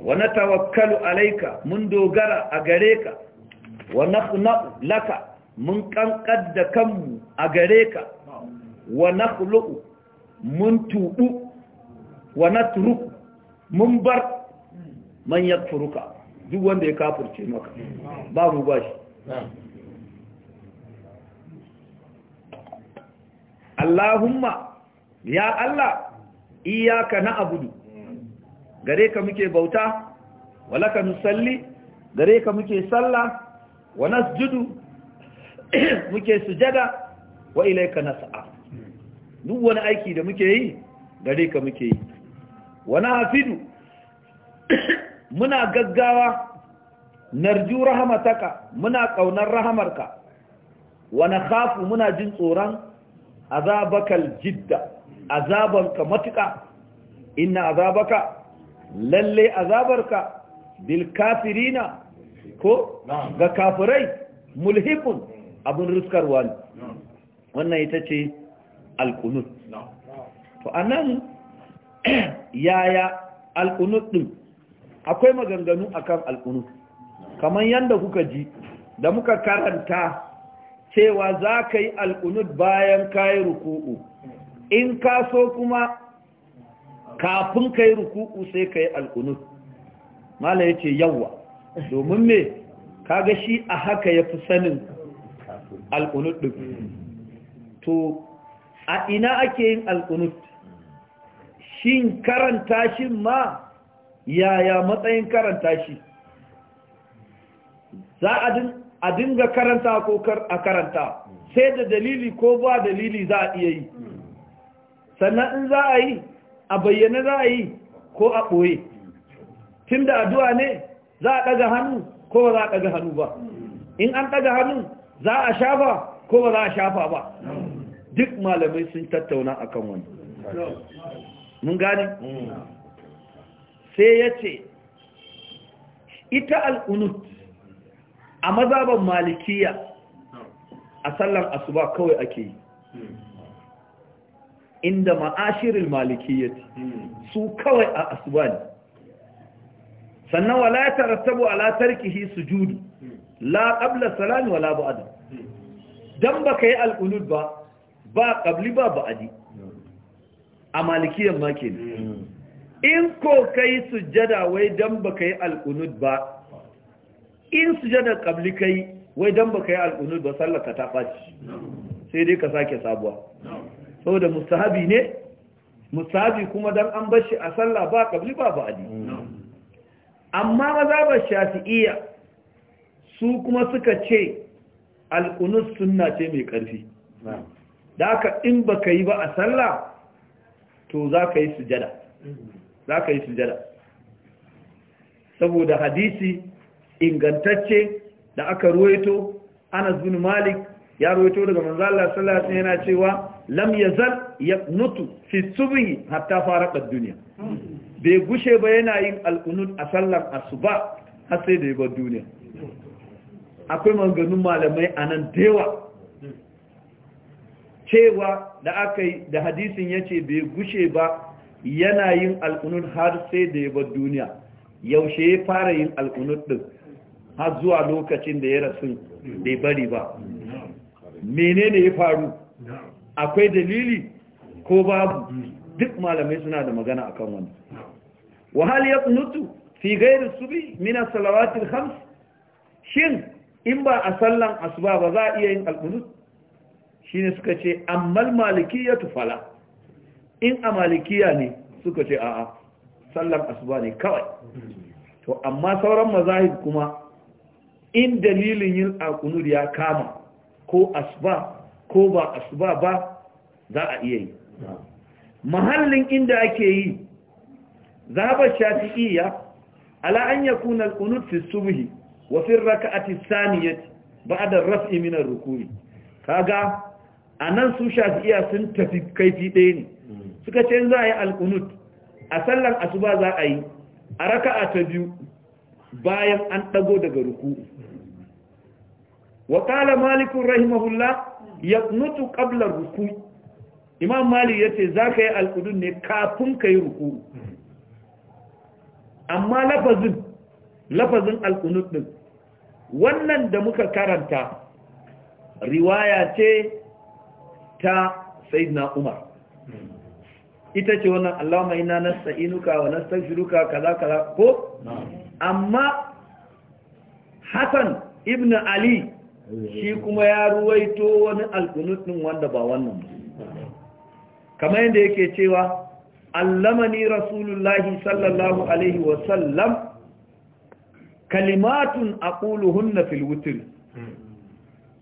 wa natawakkalu alaika mun dogara a gare ka wa nakhna'u laka mun kankar da kanmu a gare ka wa na nakhlu'u mun tuɓu wa na turu mun bar manyan furuka duk wanda ya kafurce maka ba mu ba shi Allahumma ya Allah iyaka na abudu gare ka muke bauta walaka nusalli gare ka muke sallah wa nasjudu muke sujada wa ilaika nas'a duk wani aiki da muke yi gare ka muke yi wani hafidu muna gaggawa narju rahamataka muna kaunar rahamarka wani khafu muna jin tsoron azabakal jidda azabanka matuka inna azabaka lalle azabarka bil kafirina ko ga kafirai mulhikun abin riskarwa ne wannan ita ce alkunut to a nan yaya alkunut ɗin akwai maganganu akan alkunut kamar yadda kuka ji da muka karanta cewa za ka yi alkunut bayan kayi ruku'u in ka so kuma kafin kayi ruku'u sai ka yi alkunut mala ya ce yawa domin me kaga shi a haka ya fi sanin alƙunut ɗin to a ina ake yin alƙunut shin karanta shi ma yaya matsayin karanta shi za a dinga karanta ko kar a karanta sai da dalili ko ba dalili za a iya yi sannan in za a yi a bayyana za a yi ko a ɓoye Tunda da addu'a ne za a ɗaga hannu ko ba za a ɗaga hannu ba in an ɗaga hannu. za a shafa ko ba za a shafa ba duk malamai sun tattauna akan wani mun gane sai ya ce ita al'unut a mazaban malikiya a sallar asuba kawai ake yi inda ma'ashirin malikiya su kawai a asuba ne sannan la ya tarattabu ala tarkihi sujudu la qabla salami wala ba'd dan baka yi alqunut ba ba qabli ba ba'di a malikiyan ma kenan in ko kai sujada wai dan baka yi alqunut ba in sujada qabli kai wai dan baka yi alqunut ba sallaka ta faci sai dai ka sake sabuwa saboda mustahabi ne mustahabi kuma dan an bashi a sallah ba qabli ba ba'di amma maza ba shafi'iyya su kuma suka ce alkunus sunna ce mai ƙarfi da aka in ba ka yi ba a sallah to za ka yi sujada za saboda hadisi ingantacce da aka ruwaito anas bin malik ya ruwaito daga manzala sallah sun yana cewa lam yazal ya fi tsubi hatta fara ad duniya. Hmm. bai gushe ba yana yin alqunut a sallar asuba har sai da yi ba duniya akwai manganun malamai a nan dewa cewa da aka yi da hadisin ya ce bai gushe ba yana yin al'unun har sai da ya bar duniya yaushe ya fara yin al'unun ɗin har zuwa lokacin da ya rasu bai bari ba menene ya faru akwai dalili ko babu duk malamai suna da magana a kan wani? wahal ya tsunutu fi gairu subi mina salawatin Hamsu? shin in ba a sallan asuba ba za a iya yin alkunut shi ne suka ce ammal malikiya tufala in a malikiya ne suka ce a'a sallan asuba ne kawai to amma sauran mazahib kuma in dalilin yin alkunut ya kama ko asuba ko ba asuba ba za a iya yi mahallin inda ake yi zahabar shafi'iyya ala an yakuna alkunut fi subhi wa fi raka'ati da ba'da raf'i min ar-ruku'i a nan su shafi'iya sun tafi kaifi ɗaya ne suka ce za a yi alkunut a sallan asuba za a yi a raka'a ta biyu bayan an ɗago daga ruku wa qala malikun rahimahullah yaqnutu qabla ruku imam malik yace za ka yi alkunut ne kafin ka yi ruku amma lafazin lafazin alkunut din wannan da muka karanta riwaya ce ta sayyidina umar ita ce wannan allahumma na nasta'inuka wa nastaghfiruka kaza kaza ko amma hasan ibn ali shi kuma ya ruwaito wani alkunut din wanda ba wannan kamar yadda yake cewa allamani rasulullahi sallallahu alaihi wa sallam kalimatun aquluhunna fil wuturi.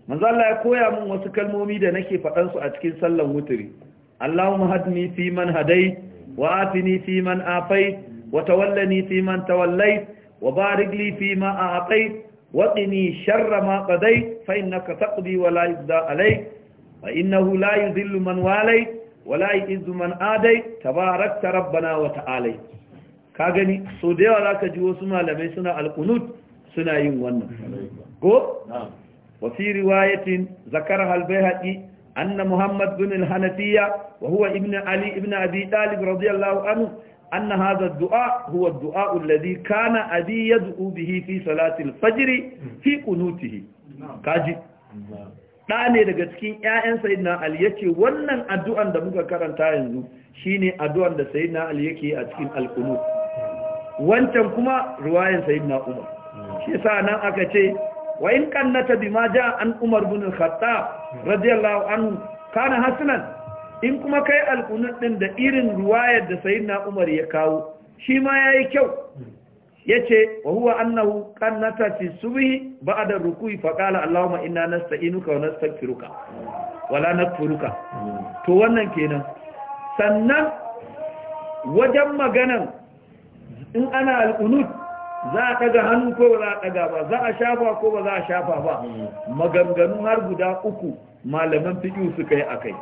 manzo Allah ya koya min wasu kalmomi da nake faɗan su a cikin sallan wutri Allahumma hadni fi man hadai wa atini fi man afai wa tawallani fi man tawallai wa barik li fi ma a'tai wa qini sharra ma qadai fa innaka taqdi wa la yudda alai fa innahu la yudhillu man walai wa la yuzzu man adai tabarakta rabbana wa ta'alai ka gani so da yawa zaka ji wasu malamai suna alkunut suna yin wannan ko wa fi riwayatin zakara al-bayhaqi anna muhammad bin al-hanafiya wa huwa ibn ali ibn abi talib radiyallahu anhu أن هذا الدعاء هو Kana الذي Yadu أبي يدعو به في صلاة الفجر في قنوته كاجي ne daga cikin ‘ya'yan sayidina Ali yake wannan addu'an da muka karanta yanzu shine addu'an da sayidina Ali yake a cikin alkunu wancan kuma ruwayan sayyidina umar hmm. shi yasa nan aka ce wa in kannata ma ja an umar bin al-khattab hmm. radiyallahu anhu kana hasanan in kuma kai alqunut din da irin ruwayar da sayyidina umar ya kawo shi ma yayi kyau hmm. yace wa huwa annahu qannata fi subhi ba'da ruku'i fa qala allahumma inna nasta'inuka wa nastaghfiruka wa la nakfuruka to wannan kenan sannan wajen maganan in ana al'unut za a ɗaga hannu ko ba za a ɗaga ba za a shafa ko ba za a shafa ba maganganu har guda uku malaman fiƙi suka yi a kai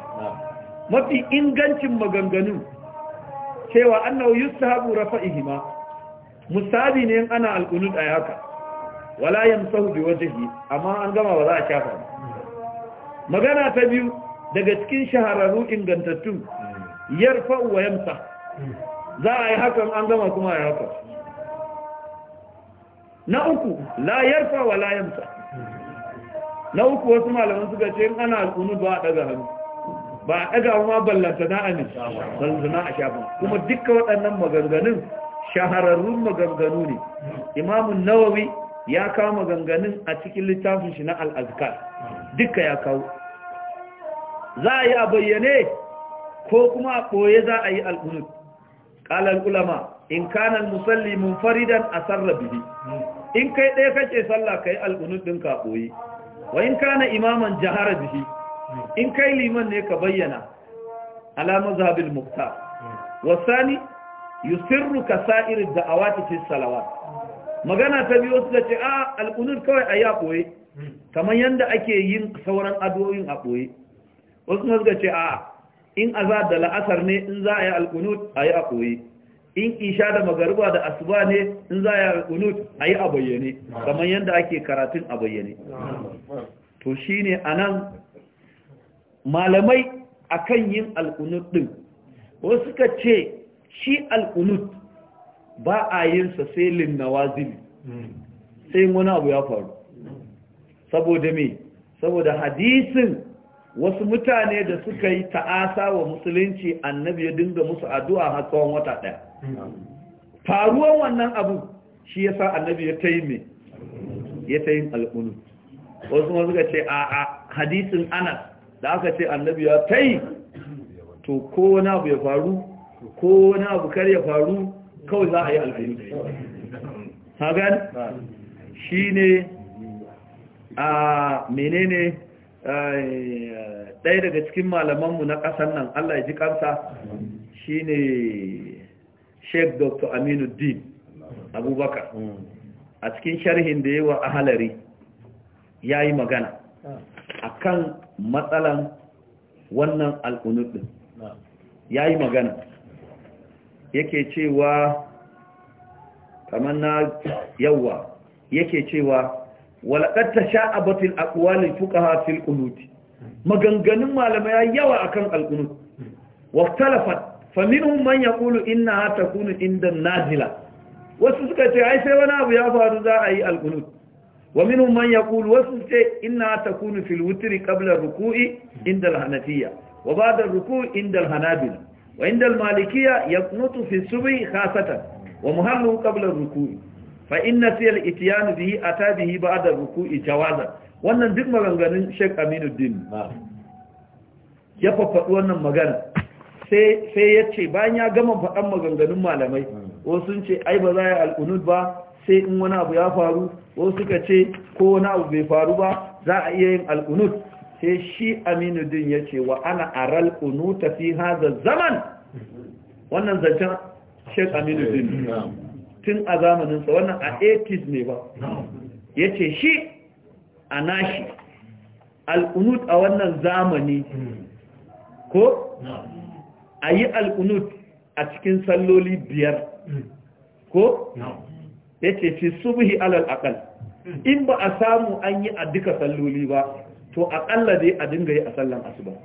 mafi ingancin maganganun cewa an annahu rafa ihima musabi ne in ana al'unut a yaka, wala yamsahu bi yi. amma an gama ba za a shafa ba magana ta biyu daga cikin shahararru ingantattu yarfa'u wa yamsa za a yi hakan an gama kuma ya haka na uku la yarfa wa la yamsa na uku wasu malaman suka ce in ana kunu ba a daga hannu ba a daga ma ballanta na amin ballanta a shafin kuma duka waɗannan maganganun shahararrun maganganu ne imamun nawawi ya kawo maganganun a cikin littafin shi na al'azkar duka ya kawo za a yi a bayyane ko kuma a ɓoye za a yi al'unut qala ulama in kana fari dan munfaridan asarra bihi in kai ɗaya kake sallah kai yi qunut din ka koyi wa in kana imaman jahara bihi in kai liman ne ka bayyana ala mazhabil muqta wa thani yusirru ka sa'ir da'awati fi salawat magana ta biyo suka ce a al-qunut kawai ayi koyi kamar yanda ake yin sauran addu'o'in a koyi wasu suka ce a in azar da la'asar ne in za a yi alkunut a yi a koyi in isha da magaruba da asuba ne in za a yi alkunut a yi a bayyane kamar yadda ake karatun a bayyane to shi ne a nan malamai a kan yin alkunut ɗin wasu suka ce shi alkunut ba a yin sa na linnawazili sai wani abu ya faru saboda me saboda hadisin wasu mutane da suka yi ta'asa wa musulunci annabi ya dinga musu addu'a har tsawon wata ɗaya faruwan wannan abu shi ya sa annabi ya tayi me ya tayi al'unu wasu ma suka ce a hadisin anas da aka ce annabi ya tayi to ko wani abu ya faru ko wani abu kar ya faru kawai za a yi al'unu hagan shi ne a menene ɗaya daga cikin malamanmu na ƙasar nan Allah ya ji kansa ne Sheikh Dr. Aminuddin Abubakar a cikin sharhin da yawa a halari ya yi magana a kan matsalan wannan al'unut ɗin ya yi magana yake cewa kamar na yawa yake cewa walaƙar ta sha abatil akwalin fukaha fil maganganun malamai yawa akan alkunut waktalafat faminun man ya kulu inna ta kunu inda nazila wasu suka ce ai sai wani abu ya faru za a yi alkunut wa minun man ya kulu wasu ce inna ta kunu fil wutri qabla ruku'i inda alhanafiya wa ba'da ruku'i inda alhanabila wa inda almalikiya yaqnutu fi subhi khasatan wa muhallu qabla ruku'i fa inna siyal itiyan bihi ata bihi ba'da ruku'i jawaza wannan duk maganganun Sheikh Aminuddin ya faɗi wannan magana sai sai yace bayan ya gama faɗan maganganun malamai ko hmm. sun ce ai ba za ya al'unud ba sai in wani abu ya faru ko suka ce ko wani abu bai faru ba za a iya yin al'unud sai shi Aminuddin yace wa ana aral unuta fi hadha zaman wannan zancen Sheikh Aminuddin hmm. tun a zamaninsa wannan a 80s ne ba ya ce shi a nashi al'unut a wannan zamani hmm. ko a yi al'unut a cikin salloli biyar hmm. ko ya ce fi subhi alal akal hmm. in ba a samu an yi a duka salloli ba to akalla dai a dinga yi a sallan asuba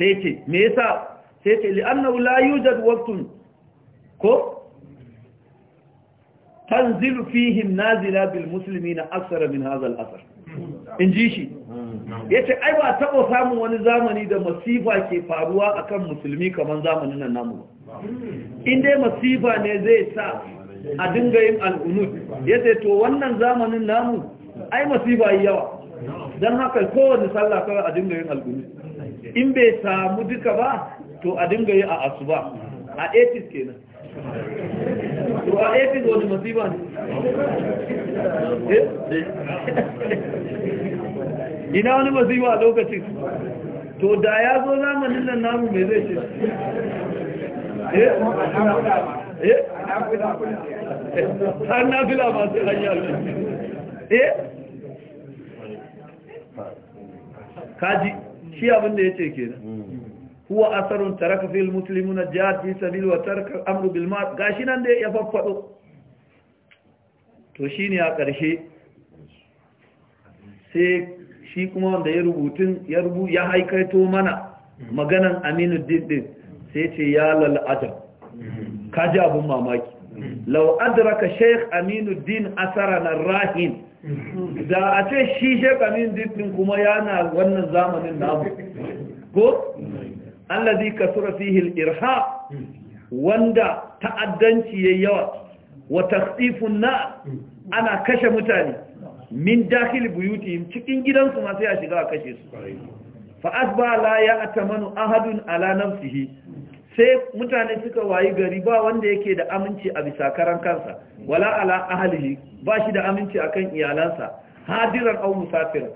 sai ce me yasa sai ce li'annahu la yujad waqtun ko tanzilu fihim nazila bil muslimina asara min hadha al asar in ji shi yace ai ba taba samun wani zamani da masifa ke faruwa akan musulmi kamar zamanin nan namu ba, dai masifa ne zai sa a dinga yin al'unud yace to wannan zamanin namu ai masifa yi yawa dan haka kowanne sallah kawai a dinga yin al'unud in bai samu duka ba to a dinga yi a asuba a 80 kenan ruwa ɗaya fi zuwa da masifa ne eh? ina wani masifa a lokacin to da ya zo zamanin nan namu mai zai ce eh, eh? an na fila masu hanyar eh kaji shi abinda ya ce ke nan huwa asarun taraka fil muslimuna jihad fi sabil wa taraka amru bil ma'ruf gashi nan dai ya faffado to shine a ƙarshe sai shi kuma wanda ya rubutun ya rubu ya haikaito mana maganan Aminu Diddin sai ce ya lal ka ji abun mamaki law adraka shaykh Aminu Din asaran rahin da a ce shi shaykh Aminu Diddin kuma yana wannan zamanin namu ko allazi kasura fihi al-irhaq wanda ta'addanci yayi yawa wa tasdifun na ana kashe mutane min dakhil buyutihim cikin gidansu ma sai a shiga a kashe su fa asba la ya'tamanu ahadun ala nafsihi sai mutane suka wayi gari ba wanda yake da aminci a bisa karan kansa wala ala ahlihi ba shi da aminci akan iyalansa hadiran aw musafir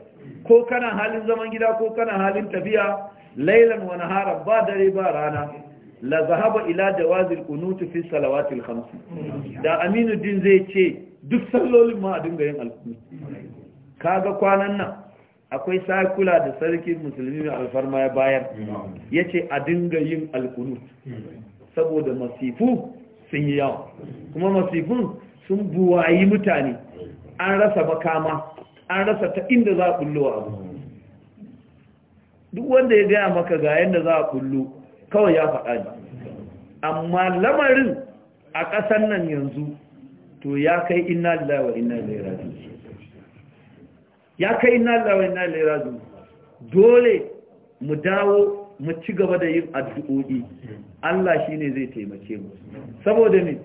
ko kana halin zaman gida ko kana halin tafiya lailan wa nahara ba dare ba rana la zahaba ila jawazil qunut fi salawatil khams da aminu din zai ce duk sallolin ma a dinga yin alqunut kaga kwanan nan akwai sakula da sarkin musulmi mai alfarma ya bayar yace a dinga yin alqunut saboda masifu sun yi yawa kuma masifun sun buwayi mutane an rasa makama an rasa ta inda za a bullo abu duk wanda ya gaya maka ga yadda za a kullu kawai ya faɗa ne amma lamarin a ƙasar nan yanzu to ya kai inna lillahi wa inna ilaihi raji'un ya kai inna lillahi wa inna dole mu dawo mu ci gaba da yin addu'o'i Allah shine zai taimake mu saboda ne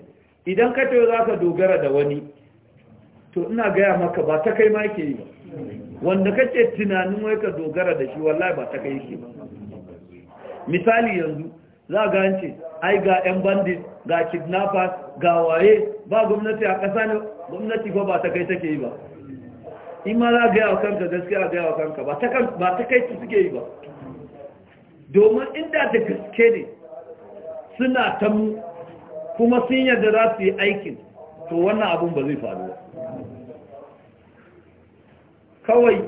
idan ka za zaka dogara da wani to ina gaya maka ba ta kai ma yake yi ba wanda kake tunanin wai ka dogara da shi wallahi ba ta kai shi ba misali yanzu za ga an ce ai ga yan bandit ga kidnappers ga waye ba gwamnati a ƙasa ne gwamnati ba ba ta kai take yi ba in ma za ga yawa kanka gaskiya ga yawa kanka ba ta kai ta suke yi ba domin inda da gaske ne suna ta kuma sun yadda za su yi aikin to wannan abun ba zai faru ba kawai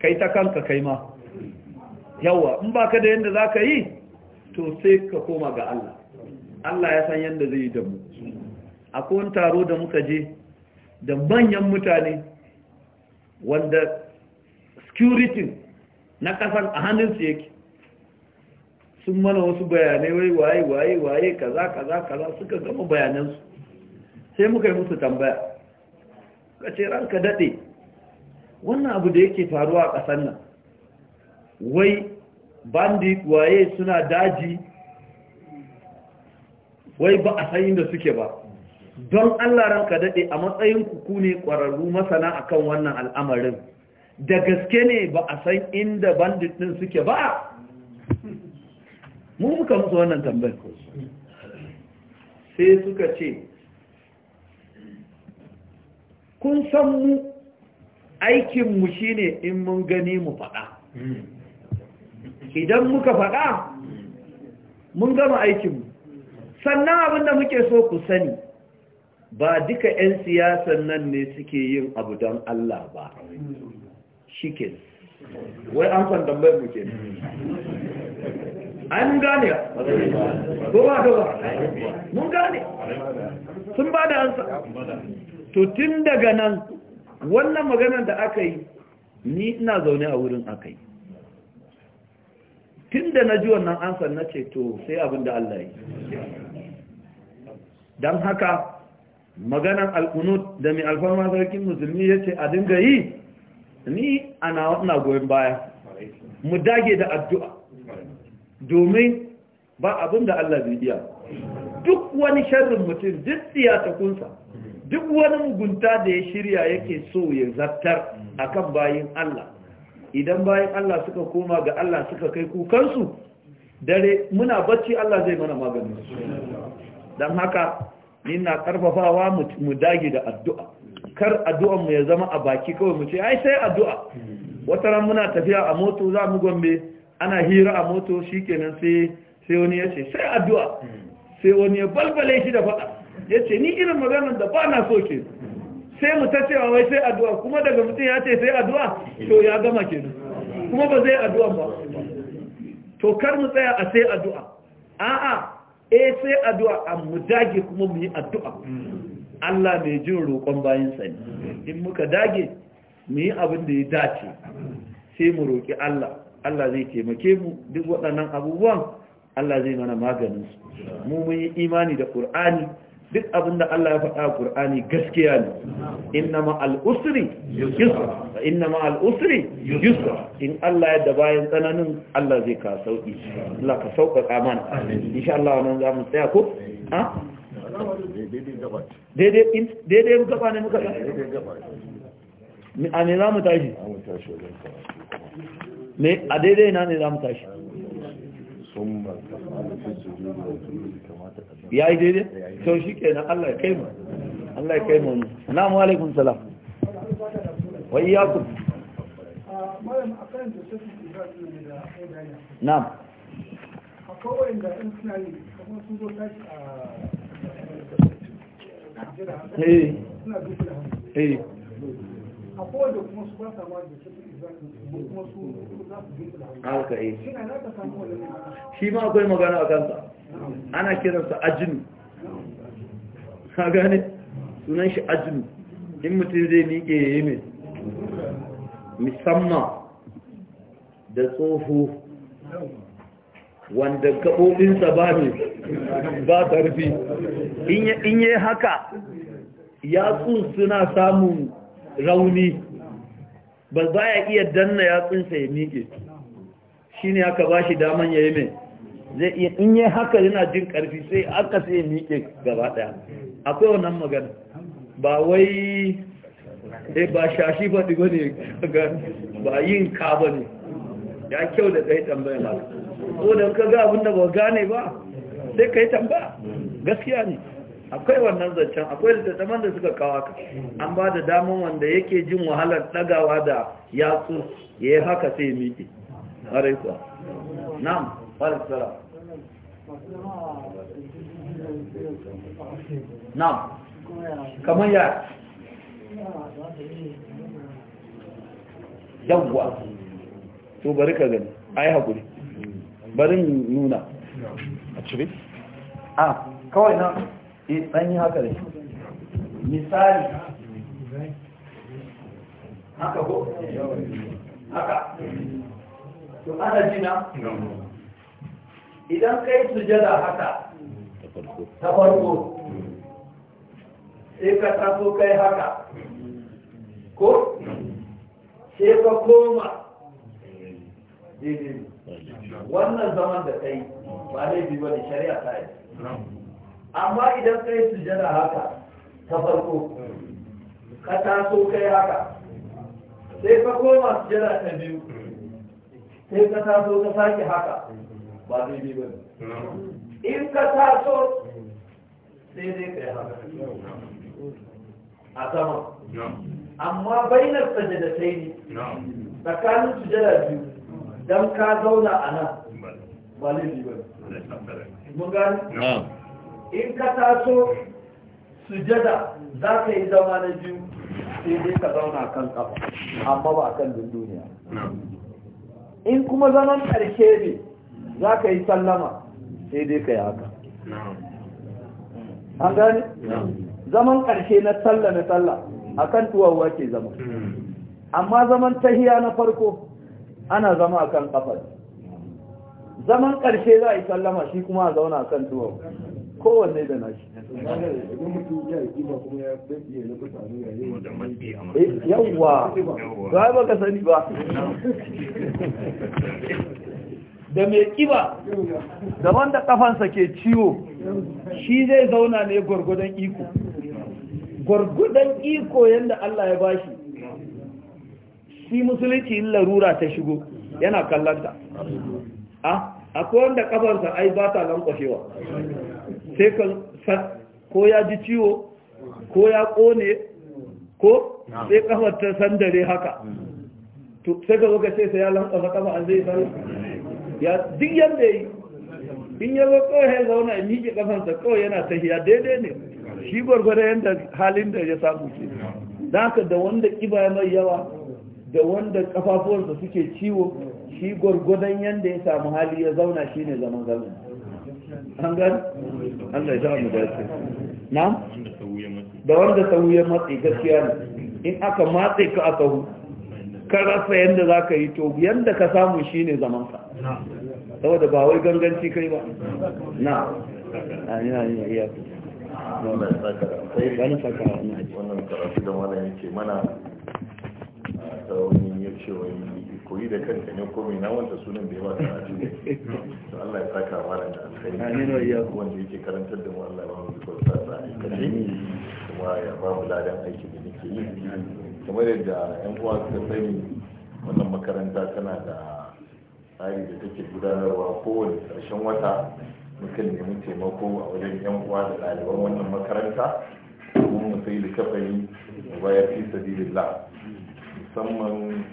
kai ta kanka kai ma yawa in baka da yanda zaka yi to sai ka koma ga Allah Allah ya san yadda zai yi da mu akwai wani taro da muka je da manyan mutane wanda security na kasar a hannun hannunsu yake sun mana wasu bayanai wai waye waye waye kaza kaza kaza suka gama bayanansu sai muka yi musu tambaya ka ce ranka daɗe wannan abu da yake faruwa a ƙasar nan wai bandit waye suna daji wai ba a san inda suke ba don Allah ranka daɗe a matsayin ku ne ƙwararru masana akan wannan al'amarin da gaske ne ba a san inda bandit ɗin suke ba mu muka musu wannan tambayar sai suka ce kun san mu aikinmu shi ne in mun gani mu faɗa idan muka faɗa mun gama aikinmu sannan abinda muke so ku sani ba duka 'yan siyasan nan ne suke yin abu don Allah ba shi ke wai an san dambar muke an gane ba gowa ba? mun gane sun ba da ansa to tun daga nan wannan maganar da aka yi ni ina zaune a wurin aka yi tun da na ji wannan ansar na ce to sai abin da Allah yi don haka maganar alkunut da mai alfarma sarkin musulmi ya ce a dinga yi ni ana na goyon baya mu dage da addu'a domin ba abin da Allah zai iya duk wani sharrin mutum duk tsiya ta kunsa duk wani mugunta da ya shirya yake so ya zartar akan bayin Allah idan bayin Allah suka koma ga Allah suka kai kukansu dare muna bacci Allah zai mana magani don haka nina karfafawa mu dage da addu'a kar addu'an mu ya zama a baki kawai mu ce ai sai addu'a wata ran muna tafiya a moto za mu gombe ana hira a moto shikenan kenan sai wani ya ce sai addu'a sai wani ya balbale shi da faɗa ya ce ni irin maganar da ba na so ke sai mu ta cewa wai sai addu'a kuma daga mutum ya ce sai addu'a to ya gama ke kuma ba zai addu'a ba to kar mu tsaya a sai addu'a a'a e sai addu'a a mu dage kuma mu yi addu'a Allah mai jin roƙon bayan sani in muka dage mu yi abin da ya dace sai mu roƙi Allah Allah zai taimake mu duk waɗannan abubuwan Allah zai mana maganin maganinsu mu mun yi imani da Qur'ani duk abinda Allah ya faɗa a Qur'ani gaskiya ne inna ma al’usri yusra innama al-usri yusra in Allah ya da bayan tsananin Allah zai ka sauki Allah ka sauƙaƙa mana insha Allah wannan za tsaya ko ha daidai daidai gaba ne muka daidai gaba a ne za mu tashi ne a daidai na ne za mu tashi sun ba ta fi ya yi daidai to shi na Allah ya kai mu Allah ya kai mu assalamu alaikum salam wa iyyakum malam yi a eh. suna da eh. kuma su ba sa da Eh. shi ma akwai magana a kansa ana kiransa ajinu ka gane sunan shi ajinu in mutum zai miƙe ya yi mai musamman da tsoho wanda gaɓoɓinsa ba ne ba tarfi in yi haka tsun suna samun rauni ba za ya iya danna yatsunsa ya miƙe shi ne aka ba shi daman ya yi mai zai iya in yi haka yana jin ƙarfi sai aka sai ya miƙe gaba ɗaya akwai wannan magana ba wai e ba shashi ba ɗigo ne ba yin ka ba ne ya kyau da kai tambaya ba ko da ka ga abin da ba gane ba sai ka yi tambaya gaskiya ne akwai wannan zancen akwai littattafan da suka kawo ka an ba da damar wanda yake jin wahalar ɗagawa da yatsu ya yi haka sai miƙe ƙwarai kuwa na'am ƙwarai kamar ya yawwa to bari ka gani ai haƙuri bari nuna a cire a kawai na eh yi haka da shi misali haka ko haka to ana jina idan kai sujada haka ta farko sai ka taso kai haka ko sai ka koma daidai wannan zaman da kai ba laifi ba da shari'a ta yi amma idan kai sujada haka ta farko ka taso kai haka sai ka koma sujada ta biyu sai ka taso ka sake haka ba zai biyu ba in ka taso sai dai kai haka a sama amma bainar sai ne tsakanin sujada biyu don ka zauna a nan ba zai biyu ba mun gani in ka taso sujada za ka yi zama na biyu sai dai ka zauna kan kafa amma ba kan dunduniya in kuma zaman ƙarshe ne za ka yi sallama sai dai ka yi haka an gane? zaman ƙarshe na salla na salla, a kan tuwawa ke zama amma zaman tahiya na farko ana zama a kan ƙafar zaman ƙarshe za a yi sallama shi kuma a zauna a kan tuwawa kowanne da nashi eh, yawwa ba ba ka sani ba da mai kiba da wanda kafansa ke ciwo shi zai zauna ne gwargwadon iko gwargwadon iko yadda Allah ya bashi shi musulunci in larura ta shigo yana kallanta a ah, akwai wanda ai ba ta lankwashewa sai ka ko ya ji ciwo ko ya kone ko sai kafar ta sandare haka to sai ka zo ka ce sai ya lankwasa kafa an zai san ya duk yadda yi in ya zo kawai ya zauna ya miƙe kafansa kawai yana tahiya daidai ne shi gwargwada yadda halin da ya samu da haka da wanda kiba mai yawa da wanda kafafuwarsa suke ciwo shi gwargwadon yadda ya samu hali ya zauna shine zaman zaman an gani Allah ya zama mu dace na da wanda sahu ya matsi gaskiya ne in aka matse ka a sahu ka rasa yadda za ka yi to yadda ka samu shi ne zamanka saboda ba wai ganganci kai ba na amina ne iya wannan sakawa wannan karatu da wannan yake mana a cewa koyi da kanka ne ko na wanda sunan da ya bata a cikin to Allah ya saka malam da alkhairi wanda yake karantar da mu Allah ya bamu zuwa sa kuma ya ba mu ladan aikin da nake yi kamar yadda yan uwa suka sani wannan makaranta tana da tsari da take gudanarwa kowane karshen wata mukan nemi taimako a wajen yan uwa da ɗaliban wannan makaranta kuma mu sai likafari mu bayar fi sabilillah musamman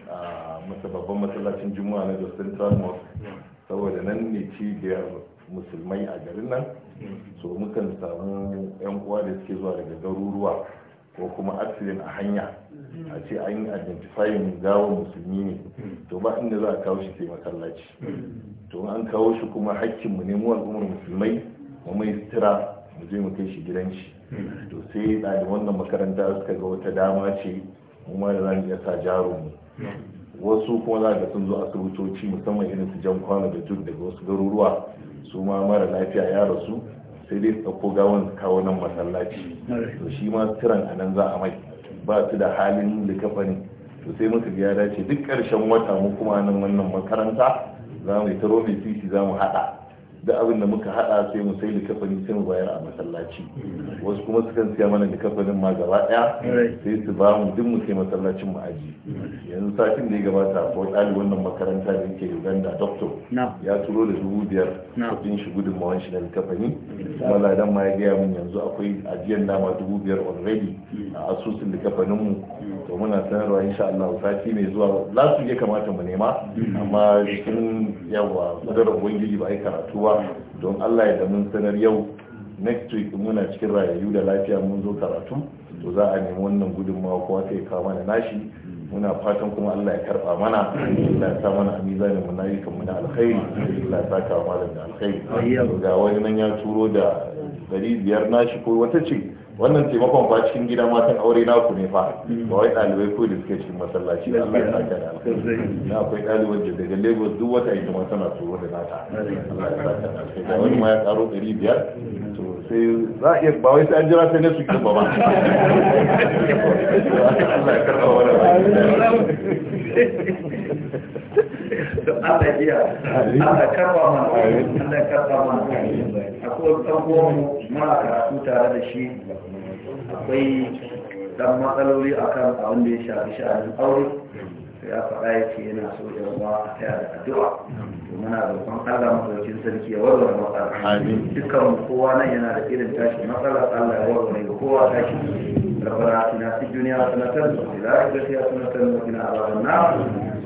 a babban masallacin juma'a na da central mosque saboda nan ne cibiyar musulmai a garin nan so mukan samu yan uwa da suke zuwa daga garuruwa ko kuma asirin a hanya a ce an yi identifying gawa musulmi ne to ba inda za a kawo shi sai masallaci to an kawo shi kuma hakkinmu ne mu al'ummar musulmai mu mai sutura mu je mu kai shi gidan shi to sai da wannan makaranta suka ga wata dama ce mu da za mu iya sa jarun mu wasu kuma za ga sun zo asibitoci musamman irin su jan kwano da duk daga wasu garuruwa su ma mara lafiya ya rasu sai dai su ɗauko gawan kawo nan masallaci to shi ma tiran a nan za a mai ba su da halin kafani to sai muka ya dace duk ƙarshen wata mu kuma nan wannan makaranta za mu yi taro mai sisi za mu haɗa da abin da muka hada sai mu sai likafani sai mu bayar a masallaci wasu kuma sukan siya mana likafanin ma gaba daya sai su ba mu duk mu masallacin mu aji yanzu satin da ya gabata ko ɗali wannan makaranta da yake Uganda doctor ya turo da dubu biyar kuɗin shi gudunmawan shi na likafani kuma ladan ma ya gaya mun yanzu akwai ajiyar dama dubu biyar already a asusun likafanin mu to muna sanarwa insha Allah sati mai zuwa za su ya kamata mu nema amma cikin yawa madarar ubangiji ba a yi karatu ba don Allah ya da mun sanar yau next week muna cikin rayayu da lafiya mun zo karatu to za a nemi wannan gudunmawa kowa yi kawo mana nashi muna fatan kuma Allah ya karba mana Allah ya sa mana a ne mu na ayyukan mu na alkhairi Allah ya saka mu da alkhairi ga wani nan ya turo da biyar nashi ko wata ce wannan taimakon ba cikin gida matan aure na ku ne fa mm. ba wai ɗalibai ko da suke cikin masallaci da Allah ya saka da alkhairi na akwai ɗaliban da daga Lagos duk wata ita ma tana tsoro da nata Allah ya saka da wani ma ya karo 500 mm. to sai za a iya ba wai sai an jira sai ne su kirba ba Allah ya karba wannan Allah biya Allah karba mana Allah karba mana akwai ɗan muna karatu tare da shi akwai dan matsaloli akan abin da ya shafi sha'anin aure sai ya faɗa ya ce yana so ya ruwa a taya da addu'a to muna roƙon Allah madaukin sarki ya warware matsala dukkan kowa nan yana da irin tashi matsala Allah ya warware ga kowa tashi ربنا آتنا في الدنيا حسنة وفي الآخرة حسنة ina عذاب na.